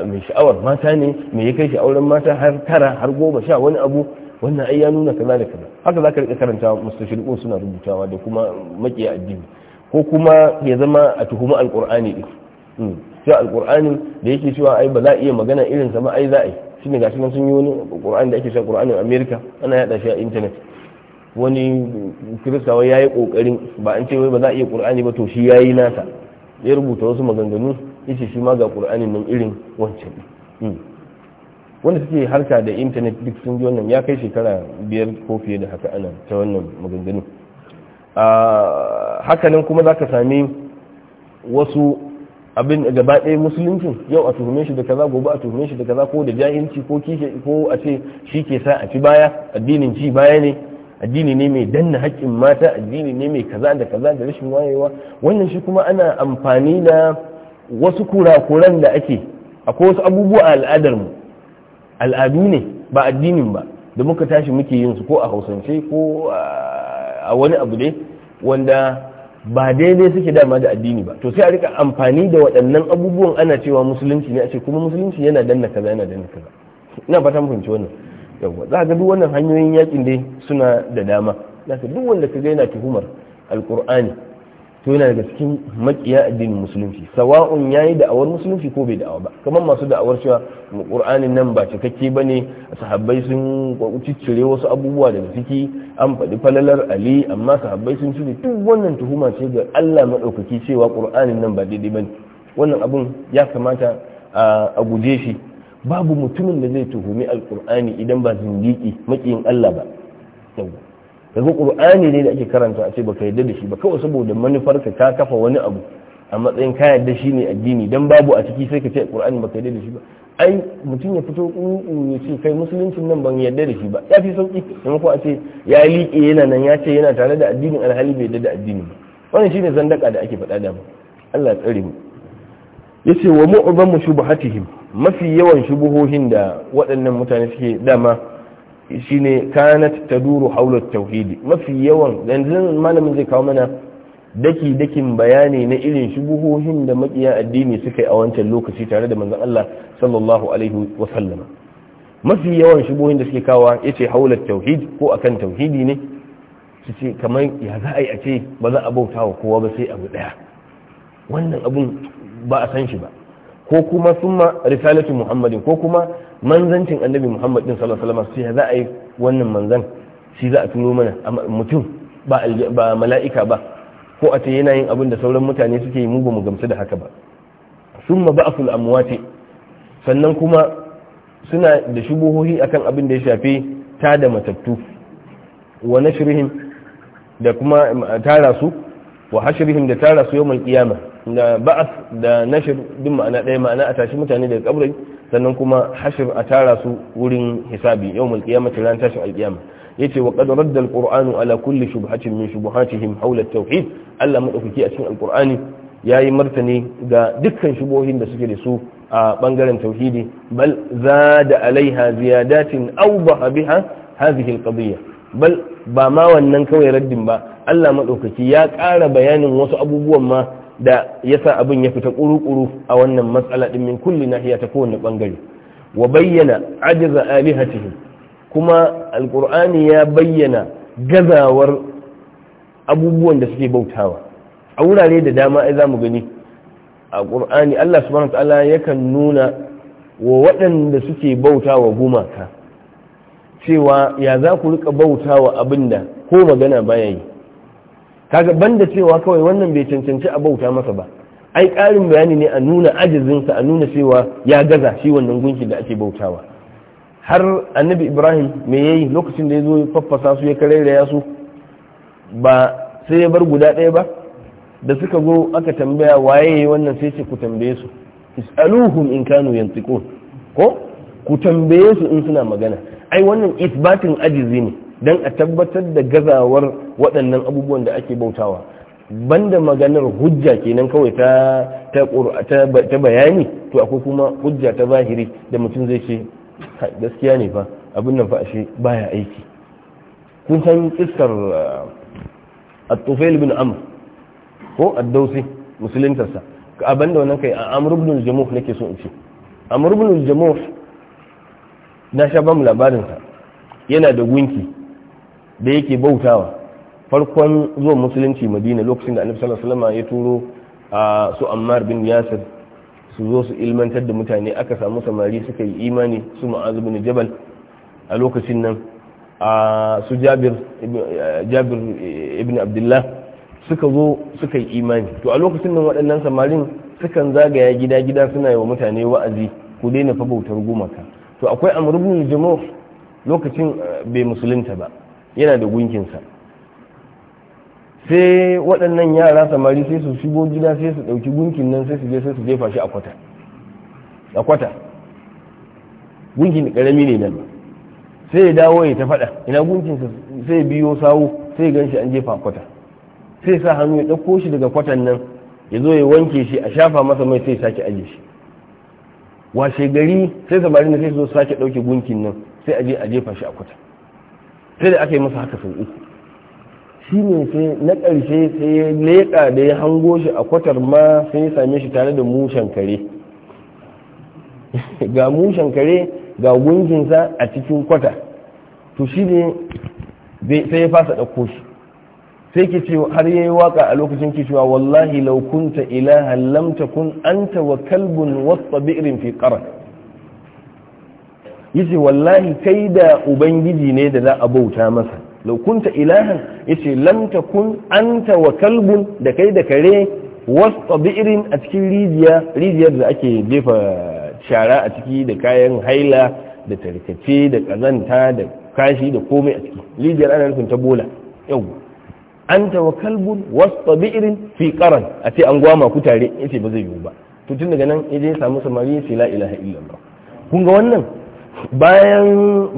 mai sha'awar mata ne mai ya kai shi auren mata har tara har goma sha wani abu wannan ai ya nuna kaza da kaza haka zaka rika karanta mustashriqun suna rubutawa da kuma makiya addini ko kuma ya zama a tuhuma alqur'ani din hmm. sai alqur'ani da yake cewa ai ba za a iya magana irin sa ba ai za a yi shine gashi nan sun yi wani qur'ani da ake cewa a America ana yada shi a internet wani kirista wai yayi kokarin ba an ce wai ba za a iya qur'ani ba to shi yayi nasa ya rubuta wasu maganganu yace shi ma ga qur'anin nan irin wancan hmm. wanda suke harka da intanet duk sun ji wannan ya kai shekara biyar ko fiye da haka ana ta wannan maganganu hakanan kuma za ka sami wasu abin gaba ɗaya musuluncin yau a tuhume shi da kaza gobe a tuhume shi da kaza ko da jahilci ko kishe ko a ce shi ke sa a ci baya addinin ci baya ne addini ne mai danna haƙƙin mata addini ne mai kaza da kaza da rashin wayewa wannan shi kuma ana amfani da wasu kurakuran da ake akwai wasu abubuwa a al'adarmu. al'adu ne ba addinin ba da muka tashi muke yin su ko a hausance ko a wani abu ne wanda ba daidai suke dama da addini ba to sai a rika amfani da waɗannan abubuwan ana cewa musulunci ne a ce kuma musulunci yana danna kaza yana danna kaza ina fata fahimci wannan yawa za ga duk wannan hanyoyin yakin dai suna da dama za ka duk wanda ka ga yana tuhumar alkur'ani to yana daga cikin makiya addinin musulunci sawa'un yayi da'awar musulunci ko bai da'awa ba kamar masu da'awar cewa qur'anin nan ba cikakke bane sahabbai sun ciccire wasu abubuwa daga ciki an faɗi falalar ali amma sahabbai sun cire duk wannan tuhuma ce ga Allah madaukaki cewa qur'anin nan ba daidai bane wannan abun ya kamata a guje shi babu mutumin da zai tuhumi alqur'ani idan ba zindiki makiyin Allah ba kaga qur'ani ne da ake karanta a ce baka yarda da shi ba kawai saboda manufar ka ka kafa wani abu a matsayin ka yadda shi ne addini dan babu a ciki sai ka ce qur'ani baka yadda da shi ba ai mutum ya fito ƙuƙu ya ce kai musuluncin nan ban yarda da shi ba ya fi sauki ko a ce ya liƙe yana nan ya ce yana tare da addinin alhali bai yadda da addini ba wannan shine zandaka da ake faɗa da mu Allah tsare mu yace wa mu'zamu shubuhatihim mafi yawan shubuhohin da waɗannan mutane suke dama shine kanat duru haular tauhidi mafi yawan yanzu malamin zai kawo mana daki dakin bayani na irin shubuhohin da makiya addini suka yi a wancan lokaci tare da manzon Allah sallallahu alaihi wa sallam mafi yawan shubuhohin da suke kawo yace haular tauhid ko akan tauhidi ne su ce kamar ya za a yi a ce ba za a bauta wa kowa ba sai abu daya wannan abun ba a san shi ba ko kuma summa risalatu muhammadin ko kuma manzancin annabi muhammad din sallallahu alaihi wasallam sai za a yi wannan manzan shi za a turo mana mutum ba ba mala'ika ba ko a ce yana yin abin da sauran mutane suke yi mu ba mu gamsu da haka ba summa ba'ful amwati sannan kuma suna da shubuhohi akan abin da ya shafi ta da matattu wa nashrihim da kuma tara su wa hashrihim da tara su yawmal qiyamah da ba'ath da nashr din ma'ana ɗaya ma'ana a tashi mutane daga kabari sannan kuma hashir a tara su wurin hisabi yau mulkiyamati ran tashin Ya ce wa qad radda Alƙur'anu ala kulli shubhacin min shubuhatihim hawla at-tauhid Allah madaukaki a cikin ya yi martani ga dukkan shubohin da suke da su a ɓangaren tauhidi bal zada alaiha ziyadatin awdaha biha hadhihi alqadiyya bal ba ma wannan kawai raddin ba Allah madaukaki ya ƙara bayanin wasu abubuwan ma da yasa abin ya fita kuru-kuru a wannan matsala din min kulli nahiya ta kowane bangare wa bayyana ajiza alihatihi kuma alqur'ani ya bayyana gazawar abubuwan da suke bautawa a wurare da dama ai zamu gani a ƙurani Allah subhanahu ta'ala yakan nuna wa waɗanda suke bautawa gumaka cewa ya za ku rika bautawa abinda ko magana baya yi kaga banda cewa kawai wannan bai cancanci a bauta masa ba ai karin bayani ne a nuna ajizinsa a nuna cewa ya gaza shi wannan gunki da ake bautawa har annabi ibrahim me yayi lokacin da ya zo faffasa su ya ya su ba sai ya bar guda ɗaya ba da suka zo aka tambaya waye yayi wannan sai ce ku tambaye su is'aluhum in kanu yantiqun ko ku tambaye su in suna magana ai wannan isbatin ajizi ne don a tabbatar da gazawar waɗannan abubuwan da ake bautawa banda maganar hujja kenan kawai ta bayani to akwai kuma hujja ta zahiri da mutum zai ce gaskiya ne fa abin nan fa ashe baya aiki kun san kissar uh, at-tufail bin amr ko ad-dawsi musulintarsa a da wannan kai a amr ibn jamuh nake so in ce amr ibn jamuh na sha ba mu labarin yana da gunki da yake bautawa farkon zuwa musulunci madina lokacin da annabi sallallahu alaihi wasallam ya turo a su ammar bin yasir su zo su ilmantar da mutane aka samu samari suka yi imani su mu'az bin jabal a lokacin nan a su jabir jabir ibn abdullah suka zo suka yi imani to a lokacin nan waɗannan samarin sukan zagaya gida-gida suna yi wa mutane wa'azi ku daina fa bautar gumaka to akwai amr ibn lokacin bai musulunta ba yana da gunkinsa sai waɗannan yara samari sai su shigo gida sai su ɗauki gunkin nan sai su je sai su jefa shi a kwata a kwata gunkin ƙarami ne nan sai ya dawo ya ta faɗa ina gunkinsa sai ya biyo sawu sai ya ganshi an jefa a kwata sai sa hannu ya ɗauko shi daga kwatan nan ya zo ya wanke shi a shafa masa mai sai sake aje shi washe gari sai samari sai su zo sake ɗauke gunkin nan sai a je a jefa shi a kwata sai da aka yi masa haka sau uku shi ne sai na ƙarshe sai ya leƙa da ya hango shi a kwatar ma sai ya same shi tare da mushen kare ga mushen kare ga gunginsa a cikin kwata to shi ne sai ya fasa ɗauko shi sai ke ce har yi waka a lokacin ke wallahi laukunta ilaha lamta lam takun anta wa kalbun wasu fi yace wallahi kai da ubangiji ne da za a bauta masa law kunta ilahan yace lam takun anta wa kalbun da kai da kare wasta bi'rin a cikin rijiya rijiyar da ake jefa shara a ciki da kayan haila da tarkace da kazanta da kashi da komai a ciki rijiyar ana nufin ta bola yau anta wa kalbun wasta bi'rin fi qaran a ce an gwama ku tare yace ba zai yiwu ba to tun daga nan ya je samu samari ce la ilaha illallah kun ga wannan bayan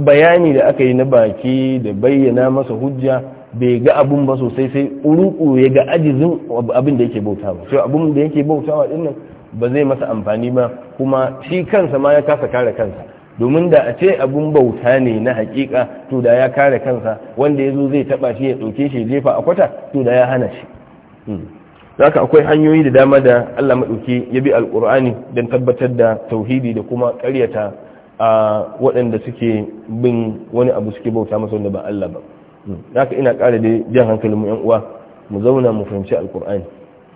bayani da aka yi na baki da bayyana masa hujja bai ga abun ba sosai sai uruku ya ga ajizin abin da yake bautawa sai abin da yake bautawa din nan ba zai masa amfani ba kuma shi kansa ma ya kasa kare kansa domin da a ce abun bauta ne na hakika to da ya kare kansa wanda ya zo zai taba shi ya tsoke shi jefa a kwata to da ya hana shi zaka hmm. akwai hanyoyi da dama da Allah maɗauki ya bi alqur'ani don tabbatar da tauhidi da kuma karyata. a waɗanda suke bin wani abu suke bauta masa wanda ba Allah ba hmm. haka ina ƙara da jan hankalin mu yan uwa mu zauna mu fahimci alkur'ani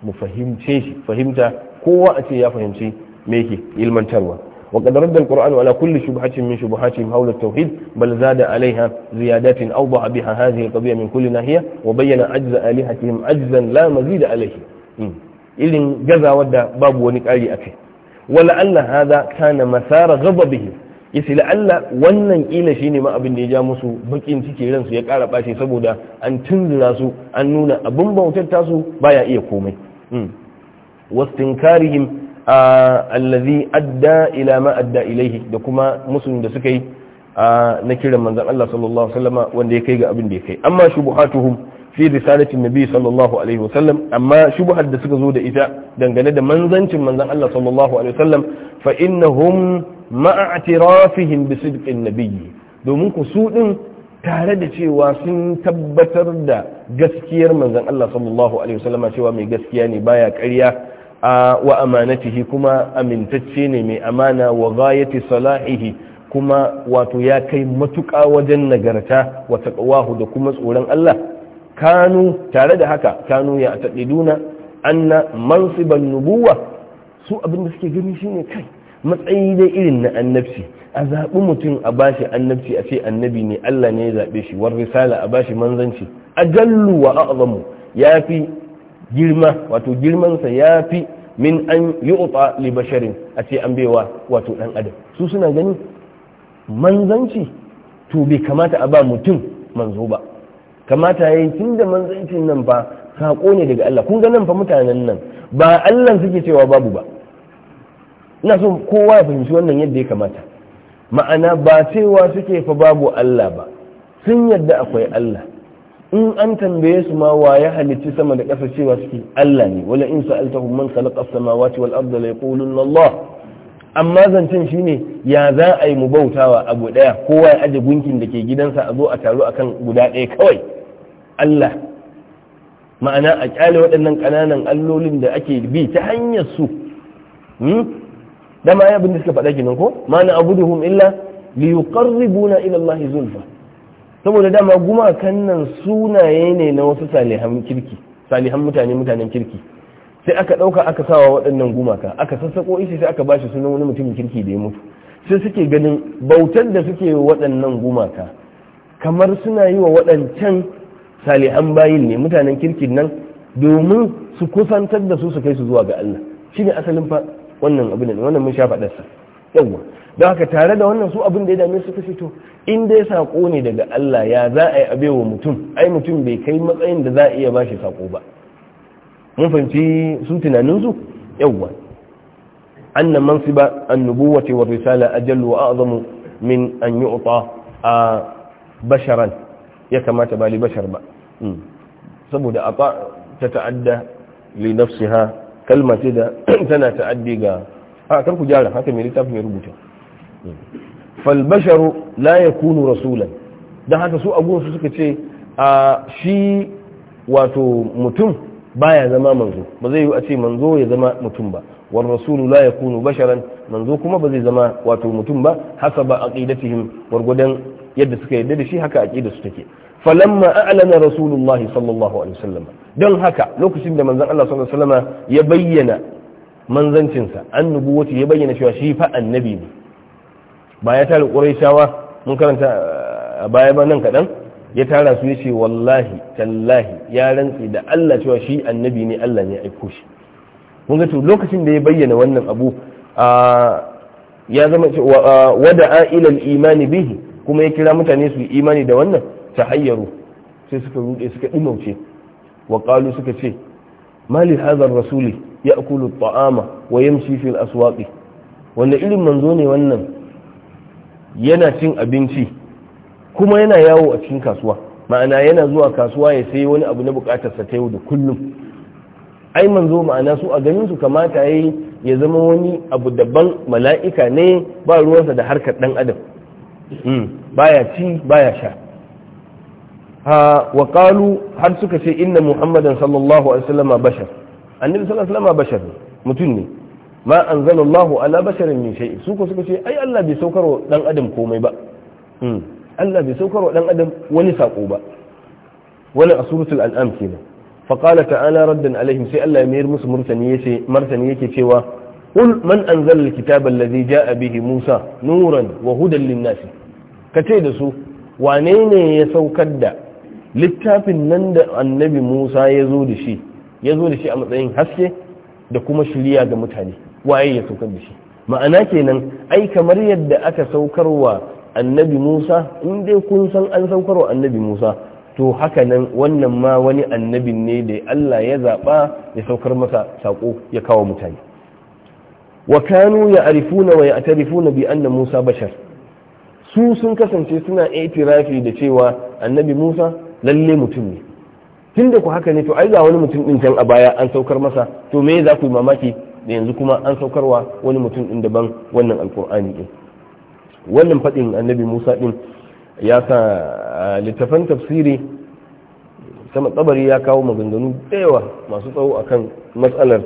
mu fahimce shi fahimta kowa a ce ya fahimci me yake ilmantarwa wa qad radda alqur'anu ala kulli shubhatin min shubuhatihim hawla at-tauhid bal zada alaiha ziyadatin awdaha biha hadhihi al-qadiyya min kulli nahiya wa bayyana ajza alihatihim ajzan la mazida alaihi hmm. ilin gazawa da babu wani ƙari a kai wala alla hadha kana masara ghadabihi ya Allah wannan kila shi ne ma abin da ya ja musu bakin ciki su ya kara bashi saboda an tunzura su an nuna abin bautar tasu baya iya komai hmm. wastinkarihim allazi adda ila ma adda ilaihi da kuma musun da suka yi na kiran manzon Allah sallallahu alaihi wasallama wanda ya kai ga abin da ya kai amma shubuhatuhum fi risalati nabi sallallahu alaihi wasallam amma shubuhar da suka zo da ita dangane da manzancin manzon Allah sallallahu alaihi wasallam fa innahum ma'a atirafihim bi sidqin nabiyyi domin ku su din tare da cewa sun tabbatar da gaskiyar manzon Allah sallallahu alaihi wasallama cewa mai gaskiya ne baya ƙarya wa amanatihi kuma amintacce ne mai amana wa ghayati salahihi kuma wato ya kai matuƙa wajen nagarta wa taqwahu da kuma tsoron Allah kanu tare da haka kanu ya taqiduna anna mansiban nubuwa su abin da suke gani shine kai matsayi dai irin na annabci a zaɓi mutum a bashi annabci a ce annabi ne Allah ne ya zaɓe shi war risala a bashi manzanci a jallu wa a'zamu ya fi girma wato girmansa ya fi min an yi utsa li basharin a ce an baiwa wato ɗan adam su suna gani manzanci to bai kamata a ba mutum manzo ba kamata ya yi tun da manzancin nan ba saƙo ne daga Allah kun ga nan fa mutanen nan ba Allah suke cewa babu ba ina so kowa ya fahimci wannan yadda ya kamata ma'ana ba cewa suke fa babu Allah ba sun yadda akwai Allah in an tambaye su ma wa ya halicci sama da ƙasa cewa suke Allah ne wala in sa'altahum man khalaqa as-samawati wal arda la yaquluna Allah amma zancen shine ya za a yi mu bautawa abu daya kowa ya aje gunkin da ke gidansa a zo a taru akan guda ɗaya kawai Allah ma'ana a kyale waɗannan ƙananan allolin da ake bi ta hanyar su hmm? da ma abin da suka faɗa ginin ko ma na hum illa li yuqarribuna ila Allahi zulfa saboda dama gumakan nan sunaye ne na wasu salihan kirki salihan mutane mutanen kirki sai aka ɗauka aka sawa waɗannan gumaka aka sassaƙo isi sai aka bashi sunan wani mutumin kirki da ya mutu sai suke ganin bautar da suke waɗannan gumaka kamar suna yi wa waɗancan salihan bayin ne mutanen kirkin nan domin su kusantar da su su kai su zuwa ga Allah shine asalin fa wannan abin da wannan mun sha faɗar sa yawa don haka tare da wannan su abin da ya dame su kashe to in dai sako ne daga Allah ya za a yi abewa mutum ai mutum bai kai matsayin da za a iya bashi sako ba mun fahimci su tunanin su yawa annan mansiba annubuwati wa risala ajallu wa a'zamu min an yu'ta a basharan ya kamata ba li bashar ba hmm. saboda ata ta ta'adda li nafsiha kalma ce da tana ta'addi ga a kar ku gyara haka mai littafin ya rubuta falbasharu la ya kunu rasulan don haka su su suka ce a shi wato mutum baya zama manzo ba zai yi a ce manzo ya zama mutum ba wal rasulu la ya kunu basharan manzo kuma ba zai zama wato mutum ba haka ba aqidatihim wargwadon yadda suka yadda da shi haka aqidar su take falamma a'lana rasulullahi sallallahu alaihi wasallam don haka lokacin da manzan Allah sallallahu alaihi wasallam ya bayyana manzancinsa annubuwati ya bayyana cewa shi fa annabi ne ba ya tare shawa, mun karanta a baya ba nan kaɗan, ya tara su ce wallahi tallahi ya rantsi da Allah cewa shi annabi ne Allah ne aiko shi mun ga to lokacin da ya bayyana wannan abu ya zama wada'a ilal imani bihi kuma ya kira mutane su imani da wannan tahayyaru sai suka rude suka dimauce wa suka ce mali hadar rasuli ya akulu ta'ama wa yamshi fil wanda irin manzo ne wannan yana cin abinci kuma yana yawo a cikin kasuwa ma'ana yana zuwa kasuwa ya sayi wani abu na bukatarsa ta yau da kullum ai manzo ma'ana su a ganin su kamata yayi ya zama wani abu daban mala'ika ne ba ruwansa da harkar dan adam hmm, baya ci baya sha ha wa qalu har suka ce inna muhammadan sallallahu alaihi wasallam bashar annabi sallallahu alaihi wasallam bashar mutum ne ma anzalallahu ala basharin min shay'in su ko suka ce ai Allah bai saukarwa dan adam komai ba hmm. Allah bai saukarwa dan adam wani sako ba wani a suratul an'am kenan fa qala ta'ala raddan alaihim sai Allah ya mayar musu murtani yace martani yake cewa qul man anzala alkitaba alladhi ja'a bihi Musa nuran wa hudan lin-nas kace da su wane ne ya saukar da littafin nan da annabi musa ya zo da shi ya zo da shi a matsayin haske da kuma shirya ga mutane waye ya saukar da shi ma'ana kenan ai kamar yadda aka saukarwa annabi musa in dai kun san an saukarwa annabi musa to haka nan wannan ma wani annabi ne da allah ya zaɓa ya saukar masa saƙo ya kawo mutane wa kanu ya arifuna wa ya atarifuna bi anna musa bashar su sun kasance suna itirafi da cewa annabi musa lalle mutum ne tun da ku haka ne to ai ga wani mutum din can a baya an saukar masa to me za ku yi mamaki da yanzu kuma an saukarwa wani mutum din daban wannan alkur'ani din wannan faɗin annabi musa din ya sa littafan tafsiri sama tsabari ya kawo maganganu da yawa masu tsawo akan matsalar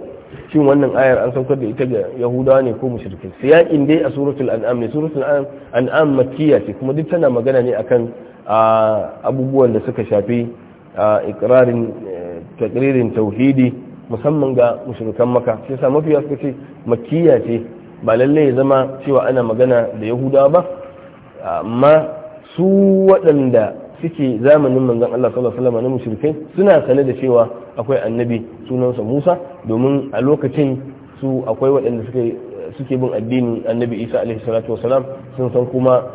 shin wannan ayar an saukar da ita ga yahudawa ne ko mushrikai ya dai a suratul an'am ne suratul an'am makkiya ce kuma duk tana magana ne akan abubuwan da suka shafi a ikirarin eh, takririn tauhidi musamman ga mushrikan maka sai sa mafiya suka ce makiyya ce ba lallai ya zama cewa ana magana da yahudawa ba amma su waɗanda suke zamanin manzon Allah sallallahu alaihi wasallam na mushrikai suna sane da cewa akwai annabi sunansa Musa domin a lokacin su akwai waɗanda suke suke bin addinin annabi Isa alaihi salatu wasalam sun san kuma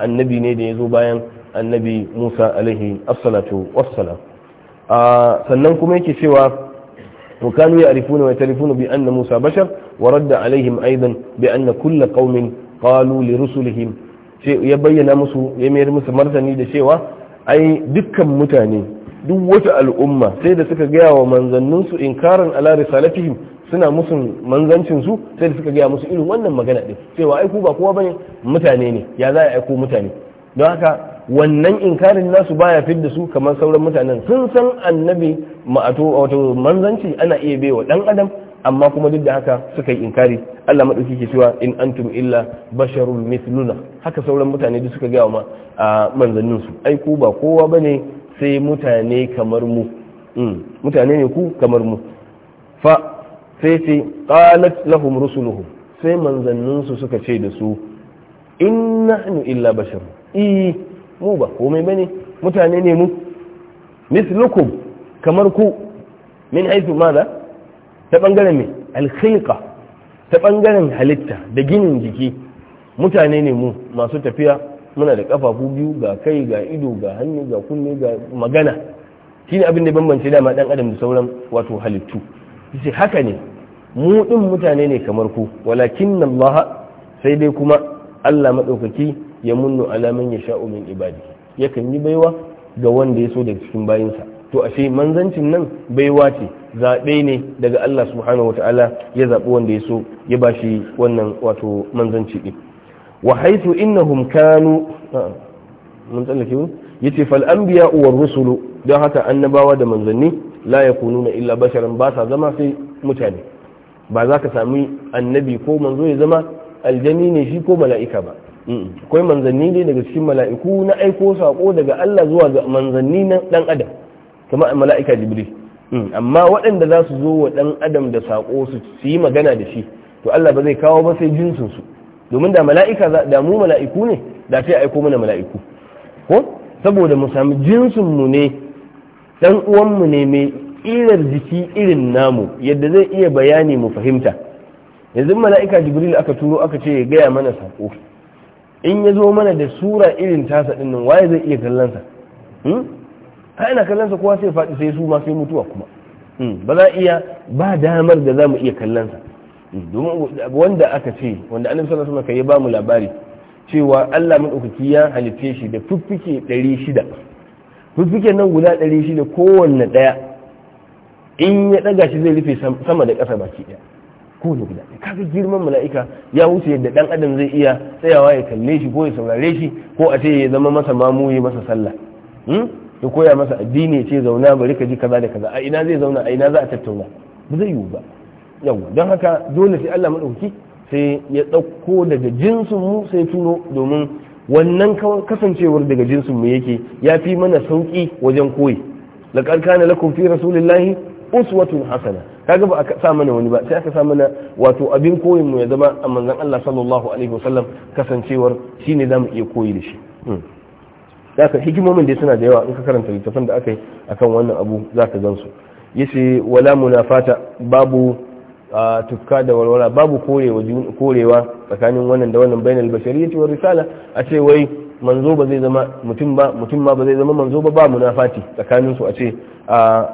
annabi ne da ya zo bayan annabi musa alaihi assalatu wassalam sannan kuma yake cewa وكانوا يعرفون ويعترفون بأن موسى بشر ورد عليهم أيضا بأن كل قوم قالوا لرسلهم يبين مسو يمير مسو مرتني da cewa ai dukkan mutane duk wata al'umma sai da suka gaya wa manzannin su inkaran ala risalatihim suna musu manzancin su sai da suka gaya musu irin wannan magana din cewa ai ku ba kowa bane mutane ne ya za a aiko mutane don haka wannan inkarin nasu baya fidda su kamar sauran mutanen sun san annabi ma'ato wato manzanci ana iya baiwa ɗan adam amma kuma duk da haka suka yi inkari Allah madauki ke cewa in antum illa basharul mithluna haka sauran mutane duk suka ga ma a manzannin su ai ku ba kowa bane sai mutane kamar mu mm, mutane ne ku kamar mu fa sai ce qalat lahum rusuluhum sai manzannin suka ce da su in nahnu illa bashar e, mu ba komai bane mutane ne mu mislukum kamar ku min haisu maza ta bangaren mai alkhilqa ta bangaren halitta da ginin jiki mutane ne mu masu tafiya muna da kafafu biyu ga kai ga ido ga hannu ga kunne ga magana shine abin da bambance dama dan adam da sauran wato halittu sai haka ne mu din mutane ne kamar ku walakin Allah sai dai kuma Allah madaukaki ya munnu alaman ya sha'o min ibadi yakan yi baiwa ga wanda ya so daga cikin bayinsa to ashe manzancin nan baiwa ce zaɓe ne daga Allah subhanahu wata'ala ya zaɓi wanda ya so ya ba shi wannan wato manzanci ɗin wa haitu innahum kanu mun tsallake mu yace fal anbiya wa rusulu don haka annabawa da manzanni la yakununa illa basharan ba sa zama sai mutane ba za ka sami annabi ko manzo ya zama aljani ne shi ko mala'ika ba akwai manzanni ne daga cikin mala'iku na aiko sako daga Allah zuwa ga manzanni na dan adam a mala'ika jibril mm, amma waɗanda za su zo wa dan adam da sako su yi magana da shi to Allah ba zai kawo ba sai jinsin domin da mala'ika da mu mala'iku ne da sai aiko mana mala'iku ko saboda mu sami jinsin mu ne dan uwan mu ne mai irar jiki irin namu yadda zai iya bayani mu fahimta yanzu mala'ika jibril aka turo aka ce ya gaya mana sako in ya zo mana da sura irin tasa din nan waye zai iya kallon sa ta hmm? ina kallon sa kowa sai faɗi sai su ma sai mutuwa kuma hmm, ba za iya ba damar da za mu iya kallon hmm, domin wanda aka ce wanda annabi sallallahu alaihi wasallam ya ba mu labari cewa Allah madaukaki ya halitte shi da fuffike 600 fuffike nan guda 600 kowanne ɗaya in ya daga shi zai rufe sama da ƙasa baki ɗaya. kowane guda ɗaya kaga girman mala'ika ya wuce yadda dan adam zai iya tsayawa ya kalle shi ko ya saurare shi ko a ce ya zama masa mamu masa sallah hmm? ya koya masa addini ya ce zauna bari ka ji kaza da kaza a ina zai zauna a ina za a tattauna ba zai yiwu ba yawa don haka dole sai Allah madauki sai ya ɗauko daga jinsin mu sai tuno domin wannan kasancewar daga jinsin mu yake ya fi mana sauki wajen koyi laqad kana lakum fi rasulillahi uswatun hasana kaga gaba aka sa mana wani ba sai aka sa mana wato abin koyin mu ya zama a manzon Allah sallallahu alaihi wasallam kasancewar shine zamu iya koyi da shi hmm. haka hikimomin da suna da yawa in ka karanta littafin da aka yi akan wannan abu za ka gan su yace wala munafata babu tukka da walwala babu korewa korewa tsakanin wannan da wannan bainal bashariyati wa risala a ce wai manzo ba zai zama mutum ba mutum ma ba zai zama manzo ba ba munafati tsakanin su a ce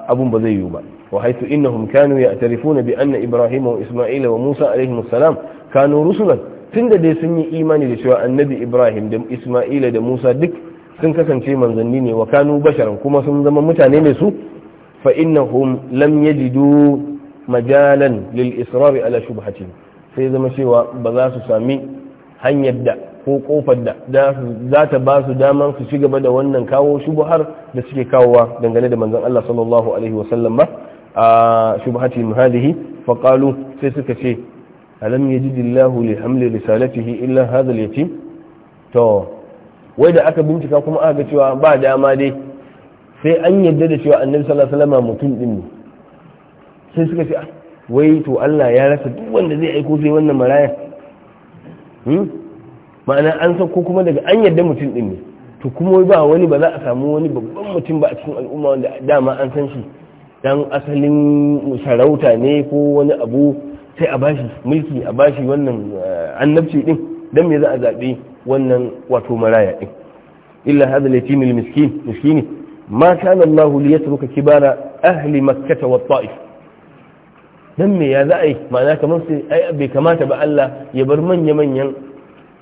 abun ba zai yiwu ba wa haythu innahum kanu ya'tarifuna bi anna ibrahima wa isma'ila wa musa alaihi salam kanu rusulan tunda dai sun yi imani da cewa annabi ibrahim da isma'ila da musa duk sun kasance manzanni ne wa kanu basharan kuma sun zama mutane ne su fa innahum lam yajidu majalan lil israri ala shubhatihim sai zama cewa ba za su sami hanyar da ko kofar da za ta ba su daman su ci gaba da wannan kawo shubuhar da suke kawowa dangane da manzon Allah sallallahu alaihi wasallam ba a shubhati muhadihi fa qalu sai suka ce alam ya yajidillahu li hamli risalatihi illa hadal al-yatim to wai da aka bincika kuma aka ga cewa ba dama dai sai an yadda da cewa annabi sallallahu alaihi wasallam mutum din ne sai suka ce ah, wai to Allah ya rasa duk wanda zai aiko sai wannan maraya hmm? ma'ana an ko kuma daga an yarda mutum din ne to kuma ba wani ba za a samu wani babban mutum ba a cikin al'umma wanda dama an san shi dan asalin sarauta ne ko wani abu sai a bashi mulki a bashi wannan eh, annabci din dan me za a zaɓi wannan wato maraya din illa hadha al-yatim al-miskin miskini ma kana Allah li yatruka kibara ahli makkah wa ta'if dan me ya za a yi ma'ana kamar sai ai bai kamata ba Allah ya bar manya manyan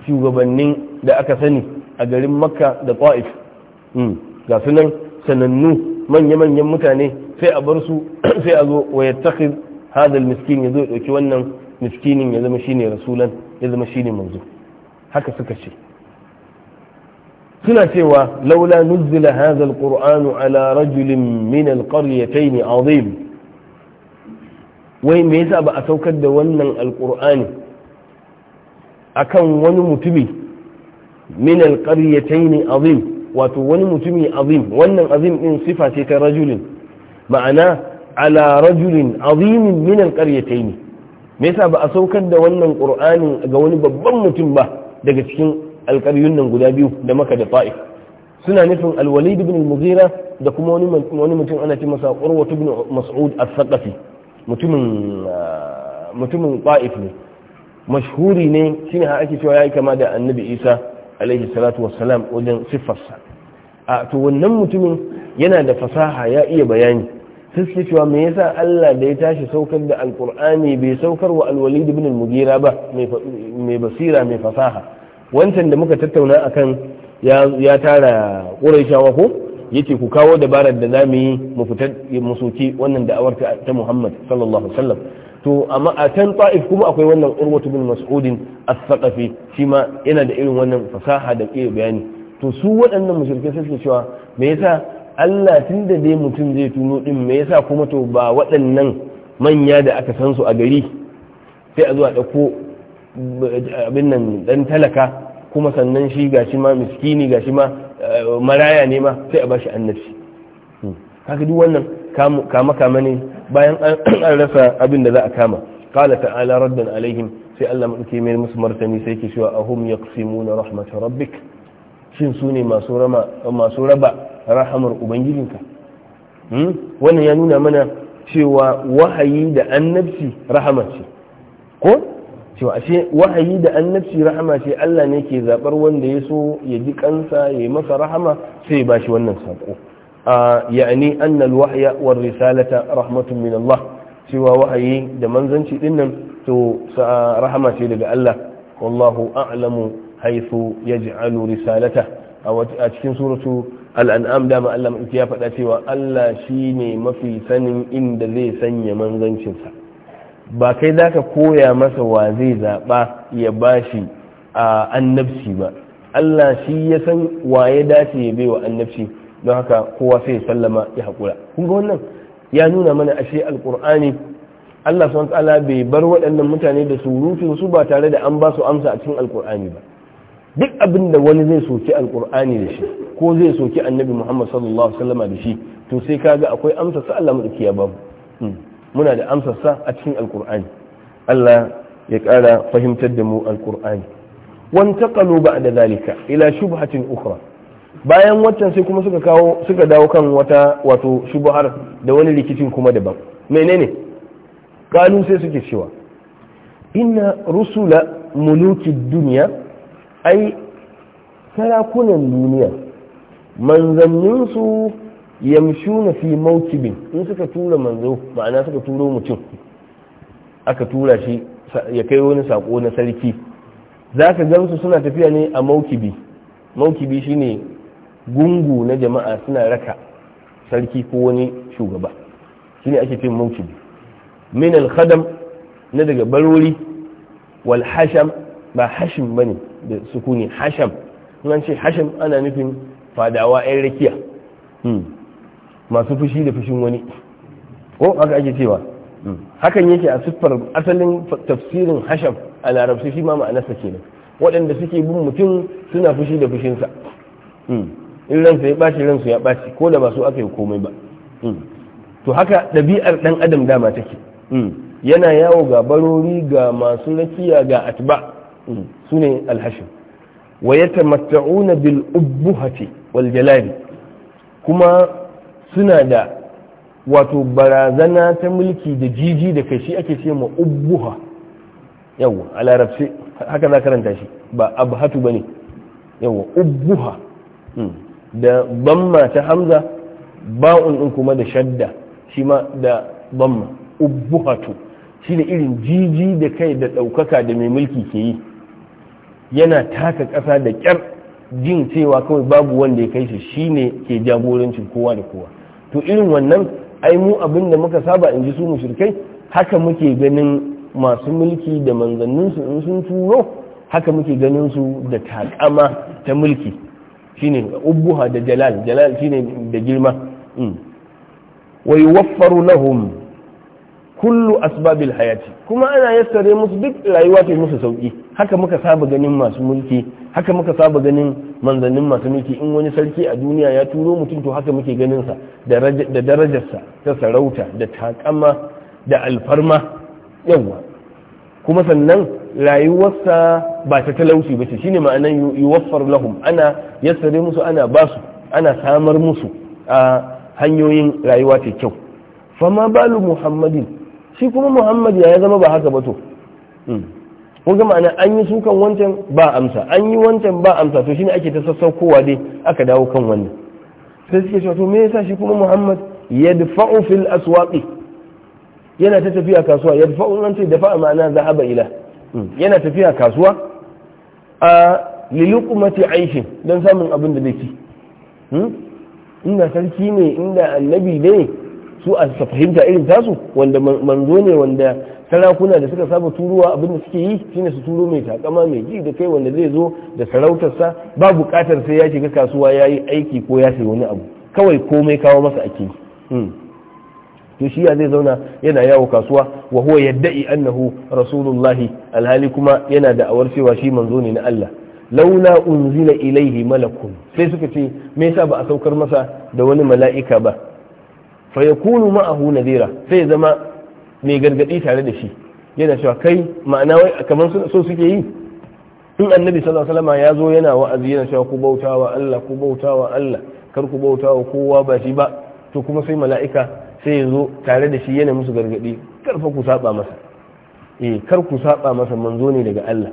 shugabannin da aka sani a garin makka da ta'if hmm. ga sunan sanannu manya-manyan mutane sai a bar su sai a zo wa yattakhid hadal miskin ya zo ya ɗauki wannan miskinin ya zama shine rasulan ya zama shine manzo haka suka ce suna cewa laula nuzila hadal alqur'anu ala rajulin min alqaryatayn azim wai me yasa ba a saukar da wannan alqur'ani akan wani mutumi min alqaryatayn azim wato wani mutumi azim wannan azim din sifa ce ta rajulin ma'ana ala rajulin azimin min alqaryatayn me yasa ba a saukar da wannan qur'anin ga wani babban mutum ba daga cikin alqaryun nan guda biyu da maka da ta'if suna nufin alwalid ibn al-mughira da kuma wani mutum ana ce masa urwa ibn mas'ud al-thaqafi mutumin ah, mutumin ta'if ne mashhuri ne shine har ake cewa yi kama da annabi isa alaihi salatu wassalam wajen siffarsa a to wannan mutumin yana da fasaha ya iya bayani sai cewa me yasa Allah da ya tashi saukar da alkur'ani bai saukar wa alwalid ibn al-mughira ba mai basira mai fasaha wancan da muka tattauna akan ya tara shawa ko yace ku kawo dabarar da zamu yi mu fita mu soki wannan da'awar ta Muhammad sallallahu alaihi wasallam to amma a can ta'if kuma akwai wannan urwatu bin mas'udin as-saqafi shi ma yana da irin wannan fasaha da ke bayani to su waɗannan mushrikai sai su cewa me yasa Allah tunda dai mutum zai tuno din me yasa kuma to ba waɗannan manya da aka san su a gari sai a zuwa dauko abin nan dan talaka kuma sannan shi gashi ma miskini gashi ma maraya ne ma sai a bashi annabci haka duk wannan kama kama ne bayan an rasa abin da za a kama qala ta'ala raddan alaihim sai Allah madauke mai musu martani sai ke cewa ahum yaqsimuna rahmat rabbik shin su ne masu rama masu raba rahamar ubangijinka hmm? wannan ya nuna mana cewa wahayi da annabci rahama ce ko cewa ashe wahayi da annabci rahama ce Allah ne ke zabar wanda ya so ya ji kansa ya yi masa rahama sai ya bashi wannan sako yani anna alwahya war risalata rahmatun min Allah cewa wahayi da manzanci dinnan to rahama ce daga Allah wallahu a'lamu haythu yaj'alu risalata a cikin suratu al'an'am dama Allah ya faɗa cewa Allah shi ne mafi sanin inda zai sanya manzancinsa ba kai za ka koya masa wa zai zaɓa ya bashi a annabci ba Allah shi ya san wa ya dace ya bai wa annabci don haka kowa sai sallama ya haƙura kun ga wannan ya nuna mana ashe alƙur'ani Allah subhanahu tsala bai bar waɗannan mutane da surutun su ba tare da an ba su amsa a cikin alƙur'ani ba duk abin da wani zai soki alƙur'ani da shi ko zai soki annabi Muhammad sallallahu alaihi da shi to sai kaga akwai amsa sa Allah mu ya hmm. muna da amsarsa a cikin alkur'ani Allah ya ƙara fahimtar da mu alkur'ani wantaqalu da zalika ila shubhatin ukhra bayan watan sai kuma suka kawo suka dawo kan wata wato shubhar da wani rikicin kuma daban menene kalu sai suke cewa inna rusula muluki duniya ai sarakunan duniya manzanninsu na fi mawkibin in suka tura manzo ma'ana suka turo mutum aka tura shi ya kai wani sako na sarki za ka gamsu suna tafiya ne a maukibi maukibi shine gungu na jama'a suna raka sarki ko wani shugaba shine ake cin maukibi min na daga barori wal hasham ba hashim bane da sukuni hasham sunan ce hasham ana nufin fadawa 'yan rakiya hmm. masu fushi da fushin wani ko haka ake cewa hmm. hakan yake a siffar asalin tafsirin hashab a larabci shi ma ma'anarsa kenan waɗanda suke bin mutum suna fushi da fushinsa hmm. in ransa ya ɓaci ransu ya ɓaci ko da ba su aka yi komai ba hmm. to haka ɗabi'ar ɗan adam dama take yana yawo ga barori ga masu rakiya ga atba sune ne alhashin wa ya tamatta'una bil ubbuhati wal jalali kuma suna da wato barazana ta mulki da jiji da kai shi ake ce ma ubbuha yawa a larabci haka za karanta shi ba abhatu bane yawa ubbuha hmm. da bamma ta hamza ba'un din kuma da shadda shi ma da bamma ubbuhatu shi da irin jiji da kai da ɗaukaka da mai mulki ke yi yana taka ƙasa da ƙyar jin cewa kawai babu wanda ya kai shi shine ke jagorancin kowa da kowa to irin wannan ai mu abin da muka saba in ji su mushrikai haka muke ganin masu mulki da su in sun turo haka muke ganin su da takama ta mulki shine ubbuha da jalal jalal shine da girma mm. wa yuwaffaru lahum kullu asbabil hayati kuma ana yassare musu duk rayuwa ta musu sauki haka muka saba ganin masu mulki haka muka saba ganin manzannin masu mulki in wani sarki a duniya ya turo mutum to haka muke ganin sa da darajarsa ta sarauta da takama da alfarma yawa kuma sannan rayuwarsa ba ta talauci ba ce shine ma'anan yuwaffar lahum ana yassare musu ana basu ana samar musu a hanyoyin rayuwa ta kyau fama balu muhammadin shi kuma muhammad ya zama ba haka ba to hmm. kun ga ma'ana an yi sukan wancan ba amsa an yi wancan ba amsa to shine ake ta sassaukowa dai aka dawo kan wannan sai suke cewa to me yasa shi kuma Muhammad yadfa'u fil aswaqi yana ta tafiya kasuwa yadfa'u an ce dafa ma'ana zahaba ila hmm. yana tafiya kasuwa a liluqmati aishin dan samun abin da zai ci hmm? inda sarki ne inda annabi ne su a fahimta irin tasu wanda manzo ne wanda sarakuna da suka saba turuwa abin da suke yi shine su turo mai takama mai ji da kai wanda zai zo da sarautarsa ba bukatar sai ya shiga kasuwa ya yi aiki ko ya sayi wani abu kawai komai kawo masa ake hmm. to shi ya zai zauna yana yawo kasuwa wa huwa yadda'i annahu rasulullahi alhali kuma yana da awar cewa shi manzo ne na Allah laula unzila ilaihi malakun sai suka ce me yasa ba a saukar masa da wani mala'ika ba fa yakunu ma'ahu nadira sai zama mai gargadi tare da shi yana cewa kai ma'ana wai kamar so suke yi in annabi sallallahu alaihi wasallam ya zo yana wa'azi yana cewa ku bautawa Allah ku bautawa Allah kar ku bautawa kowa ba shi ba to kuma sai mala'ika sai ya zo tare da shi yana musu gargadi fa ku saba masa eh kar ku saba masa manzo ne daga Allah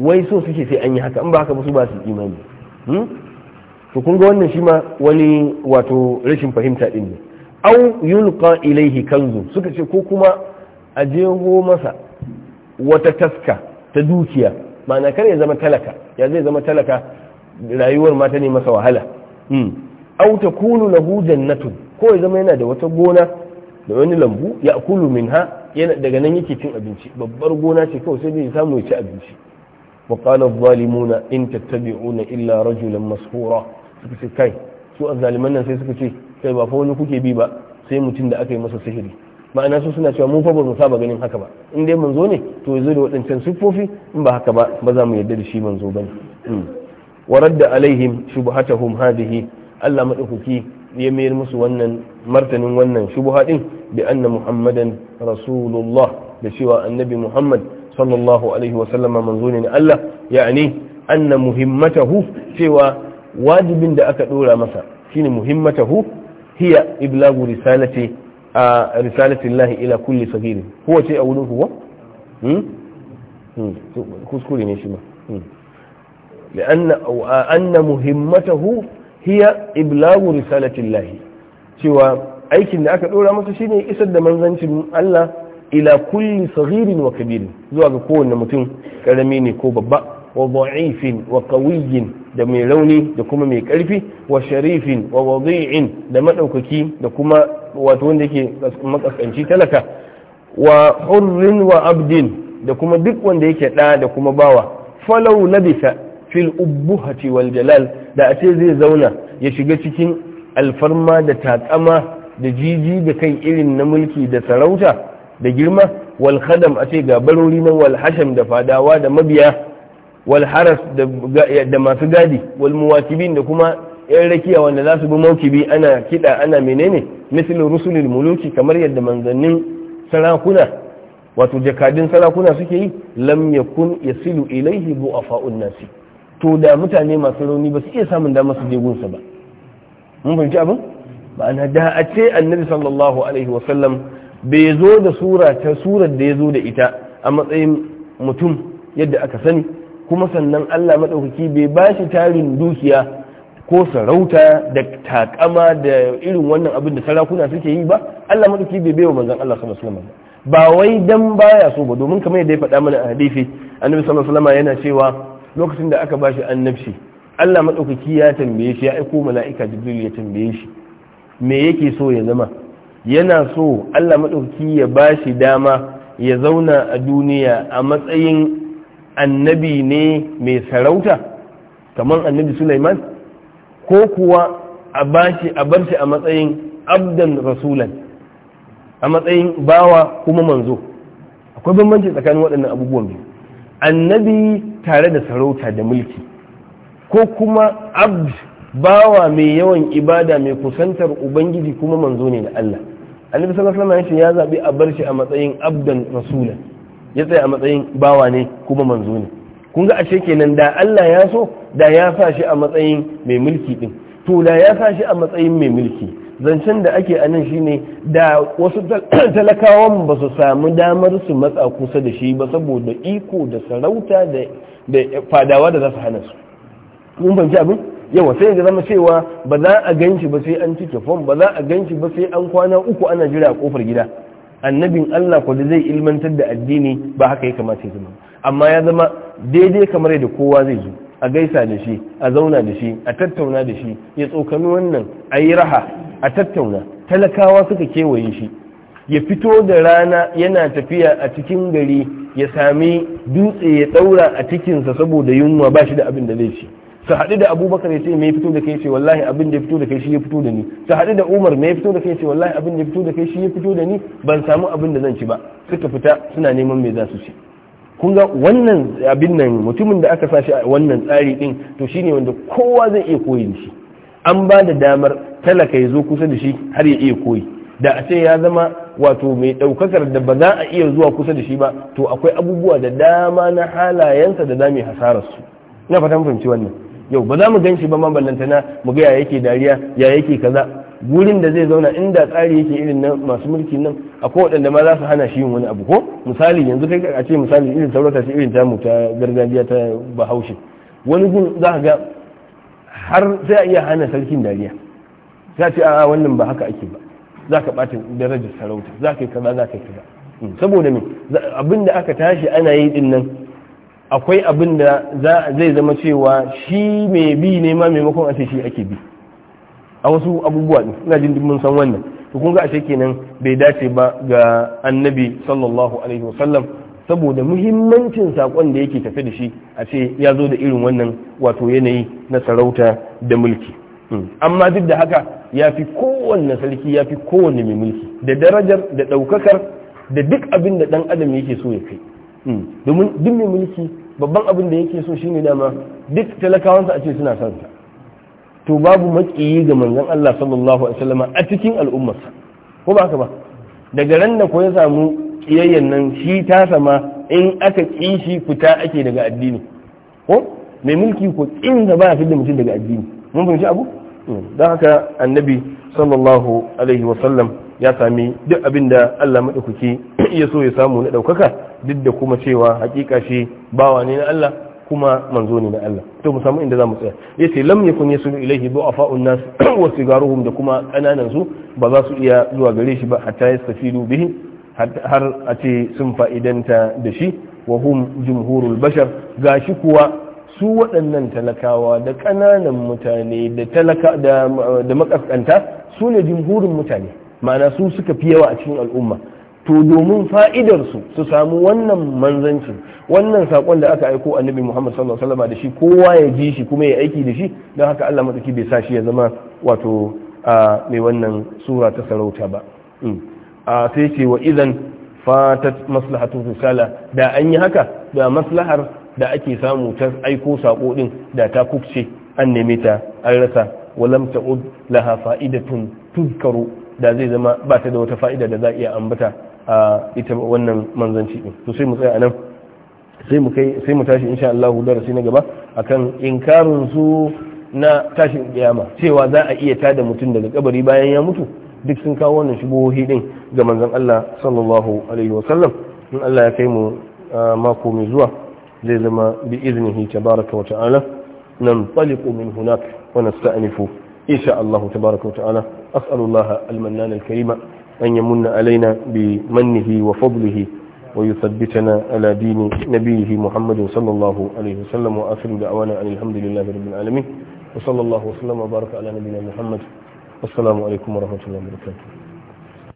wai so suke sai an yi haka in ba haka ba su ba su imani hmm? to kun ga wannan shi ma wani wato rashin fahimta din ne au yulqa ilaihi kanzu suka ce ko kuma a jeho masa wata taska ta dukiya ma'ana kar ya zama talaka ya zai zama talaka rayuwar mata ne masa wahala hmm. au takunu lahu jannatun ko ya zama yana da wata gona da wani lambu ya kulu minha yana daga nan yake cin abinci babbar gona ce kawai sai dai samu ya ci abinci wa qala adh-dhalimuna in tattabi'una illa rajulan mashhura suka ce kai su azzaliman nan sai suka ce kai ba fa wani kuke bi ba sai mutum da aka yi masa sihiri ma'ana su suna cewa mu fa ba mu saba ganin haka ba in dai manzo ne to yazo da waɗancan siffofi in ba haka ba ba za mu yarda da shi manzo bane hmm. wa radda alaihim shubhatahum hadhihi Allah madaukaki ya mayar musu wannan martanin wannan shubha din bi anna muhammadan rasulullah da cewa annabi muhammad sallallahu alaihi wa sallama manzo ne Allah ya'ani anna muhimmatahu cewa wajibin da aka dora masa shine muhimmatahu hiya iblagu risalati a ila kulli sabirin huwa ce a wurin huwa hmm? hmm. kuskure ne shi ma hmm. anna muhimmatahu hiya iblagu risalatillahi, cewa aikin da aka ɗora masa shine isar da manzancin Allah ila kulli sagirin wa kabirin zuwa ga kowane mutum ƙarami ne ko babba wa da'ifin wa qawiyyin da mai rauni da kuma mai karfi wa sharifin wa wadi'in da madaukaki da kuma wato wanda yake makaskanci talaka wa hurrin wa abdin da kuma duk wanda yake da da kuma bawa falau labisa fil ubbuhati wal jalal da ace zai zauna ya shiga cikin alfarma da taƙama da jiji da kai irin na mulki da sarauta da girma wal khadam a ga barori na wal hasham da fadawa da mabiya wal haras da masu gadi wal muwakibin da kuma yan rakiya wanda za su bi maukibi ana kiɗa ana menene misalin rusulul muluki kamar yadda manzannin sarakuna wato jakadin sarakuna suke yi lam yakun yasilu ilaihi bu'afa'un nasi to da mutane masu rauni ba su iya samun dama su je gunsa ba mun fahimci abin ma'ana da a ce annabi sallallahu alaihi bai zo da sura ta surar da ya zo da ita a matsayin mutum yadda aka sani kuma sannan Allah maɗaukaki bai ba shi tarin dukiya ko sarauta da takama da irin wannan abin da sarakuna suke yi ba Allah maɗaukaki bai baiwa manzan Allah sallallahu alaihi wasallam ba wai dan baya so ba domin kamar yadda ya faɗa mana a hadisi annabi sallallahu alaihi wasallam yana cewa lokacin da aka bashi annabci Allah maɗaukaki ya tambaye shi ya aiko mala'ika Jibril ya tambaye shi me yake so ya zama yana so Allah maɗaukaki ya bashi dama ya zauna a duniya a matsayin annabi ne mai sarauta kamar annabi Sulaiman ko kuwa a bashi a bar shi a matsayin abdan rasulan a matsayin bawa kuma manzo akwai bambanci tsakanin waɗannan abubuwan biyu annabi tare da sarauta da mulki ko kuma abd bawa mai yawan ibada mai kusantar ubangiji kuma manzo ne da Allah annabi sallallahu alaihi wasallam ya zabi a bar shi a matsayin abdan rasulan ya tsaya a matsayin bawa ne kuma manzo ne kun ga ashe kenan da Allah ya so da ya sa shi a matsayin mai mulki din to da ya sa shi a matsayin mai mulki zancen da ake anan shine da wasu talakawan ba su samu damar su matsa kusa da shi ba saboda iko da sarauta da fadawa da za su hana su mun fahimci abin yawa sai ga zama cewa ba za a ganci ba sai an cike fom ba za a ganci ba sai an kwana uku ana jira a kofar gida annabin Allah kwa da zai ilmantar da addini ba haka ya kamata ya zama amma ya zama daidai kamar yadda kowa zai zo a gaisa da shi a zauna da shi a tattauna da shi ya tsokani wannan a yi raha a tattauna talakawa suka kewaye shi ya fito da rana yana tafiya a cikin gari ya sami dutse ya ɗaura a cikinsa saboda yunwa ba shi da abin da zai ci ta haɗu da abubakar ya ce me fito da kai ce wallahi abin da ya fito da kai shi ya fito da ni ta haɗu da umar me ya fito da kai ce wallahi abin da ya fito da kai shi ya fito da ni ban samu abin da zan ci ba suka fita suna neman mai za su ci kun ga wannan abin nan mutumin da aka sa sashi a wannan tsari din to shine wanda kowa zai iya koyi da shi an ba da damar talaka ya zo kusa da shi har ya iya koyi da a ce ya zama wato mai ɗaukakar da ba za a iya zuwa kusa da shi ba to akwai abubuwa da dama na halayensa da za mu hasararsu na fatan fahimci wannan yau ba za mu gan shi ba ma ballantana mu ga ya yake dariya ya yake kaza gurin da zai zauna inda tsari yake irin na masu mulki nan akwai waɗanda ma za su hana shi yin wani abu ko misali yanzu kai a ce misali irin saurata ce irin tamu ta gargajiya ta bahaushe wani gun za ka ga har sai a iya hana sarkin dariya za ce a wannan ba haka ake ba za ka ɓata darajar sarauta za ka yi kaza za ka yi kaza hmm, saboda me abin da aka tashi ana yi din nan akwai abin da zai zama cewa shi mai bi ne ma maimakon a ce shi ake bi a wasu abubuwa ne ina jin mun san wannan to kun ga ashe kenan bai dace ba ga annabi sallallahu alaihi wasallam saboda muhimmancin sakon da yake tafi da shi a ce ya zo da irin wannan wato yanayi na sarauta da mulki hmm. amma duk da haka ya fi kowanne sarki ya fi kowanne mai mulki da darajar da ɗaukakar da duk abin da ɗan adam yake so ya kai Hmm. domin duk mai mulki babban abin da yake so shine dama duk talakawansa a ce suna son sa to babu makiyi ga manzon Allah sallallahu alaihi wasallam a cikin al'ummarsa ko ba haka ba daga ran da ko ya samu kiyayyen nan shi ta sama in aka ƙi shi fita ake daga addini ko mai mulki ko kin da ba fitin mutum daga addini mun fahimci abu hmm. don haka annabi sallallahu alaihi wasallam ya sami duk abin da Allah madaukake ya so ya samu na ɗaukaka duk da kuma cewa hakika shi bawa ne na Allah kuma manzo ne na Allah to mu samu inda zamu tsaya yace lam yakun yasulu ilayhi du'afa'un nas wa sigaruhum da kuma kananan su ba za su iya zuwa gare shi ba hatta yastafidu bihi har a ce sun fa'idanta da shi wa hum jumhurul bashar gashi kuwa su waɗannan talakawa da kananan mutane da talaka da makaskanta su ne jumhurin mutane ma'ana su suka fi yawa a cikin al'umma to domin fa'idarsu su samu wannan manzanci wannan saƙon da aka aiko annabi muhammad sallallahu alaihi wasallam da shi kowa ya ji shi kuma ya aiki da shi don haka allah matsaki bai sa shi ya zama wato a mai wannan sura ta sarauta ba mm. a sai ce wa idan fatat maslahatu risala da an yi haka da maslahar da ake samu ta aiko sako din da ta kufce an neme ta an rasa walam ta'ud laha fa'idatun tuzkaru da zai zama ba ta da wata fa'ida da za a iya ambata a ita wannan manzanci din to sai mu tsaya anan sai mu kai sai mu tashi insha Allah darasi na gaba akan inkarin su na tashin kiyama cewa za a iya tada mutum daga kabari bayan ya mutu duk sun kawo wannan shubuhohi din ga manzon Allah sallallahu alaihi sallam in Allah ya kai mu mako mai zuwa zai zama bi iznihi tabaraka wa ta'ala nan taliqu min hunak wa nasta'nifu إن شاء الله تبارك وتعالى أسأل الله المنان الكريم أن يمن علينا بمنه وفضله ويثبتنا على دين نبيه محمد صلى الله عليه وسلم وآخر دعوانا أن الحمد لله رب العالمين وصلى الله وسلم وبارك على نبينا محمد والسلام عليكم ورحمة الله وبركاته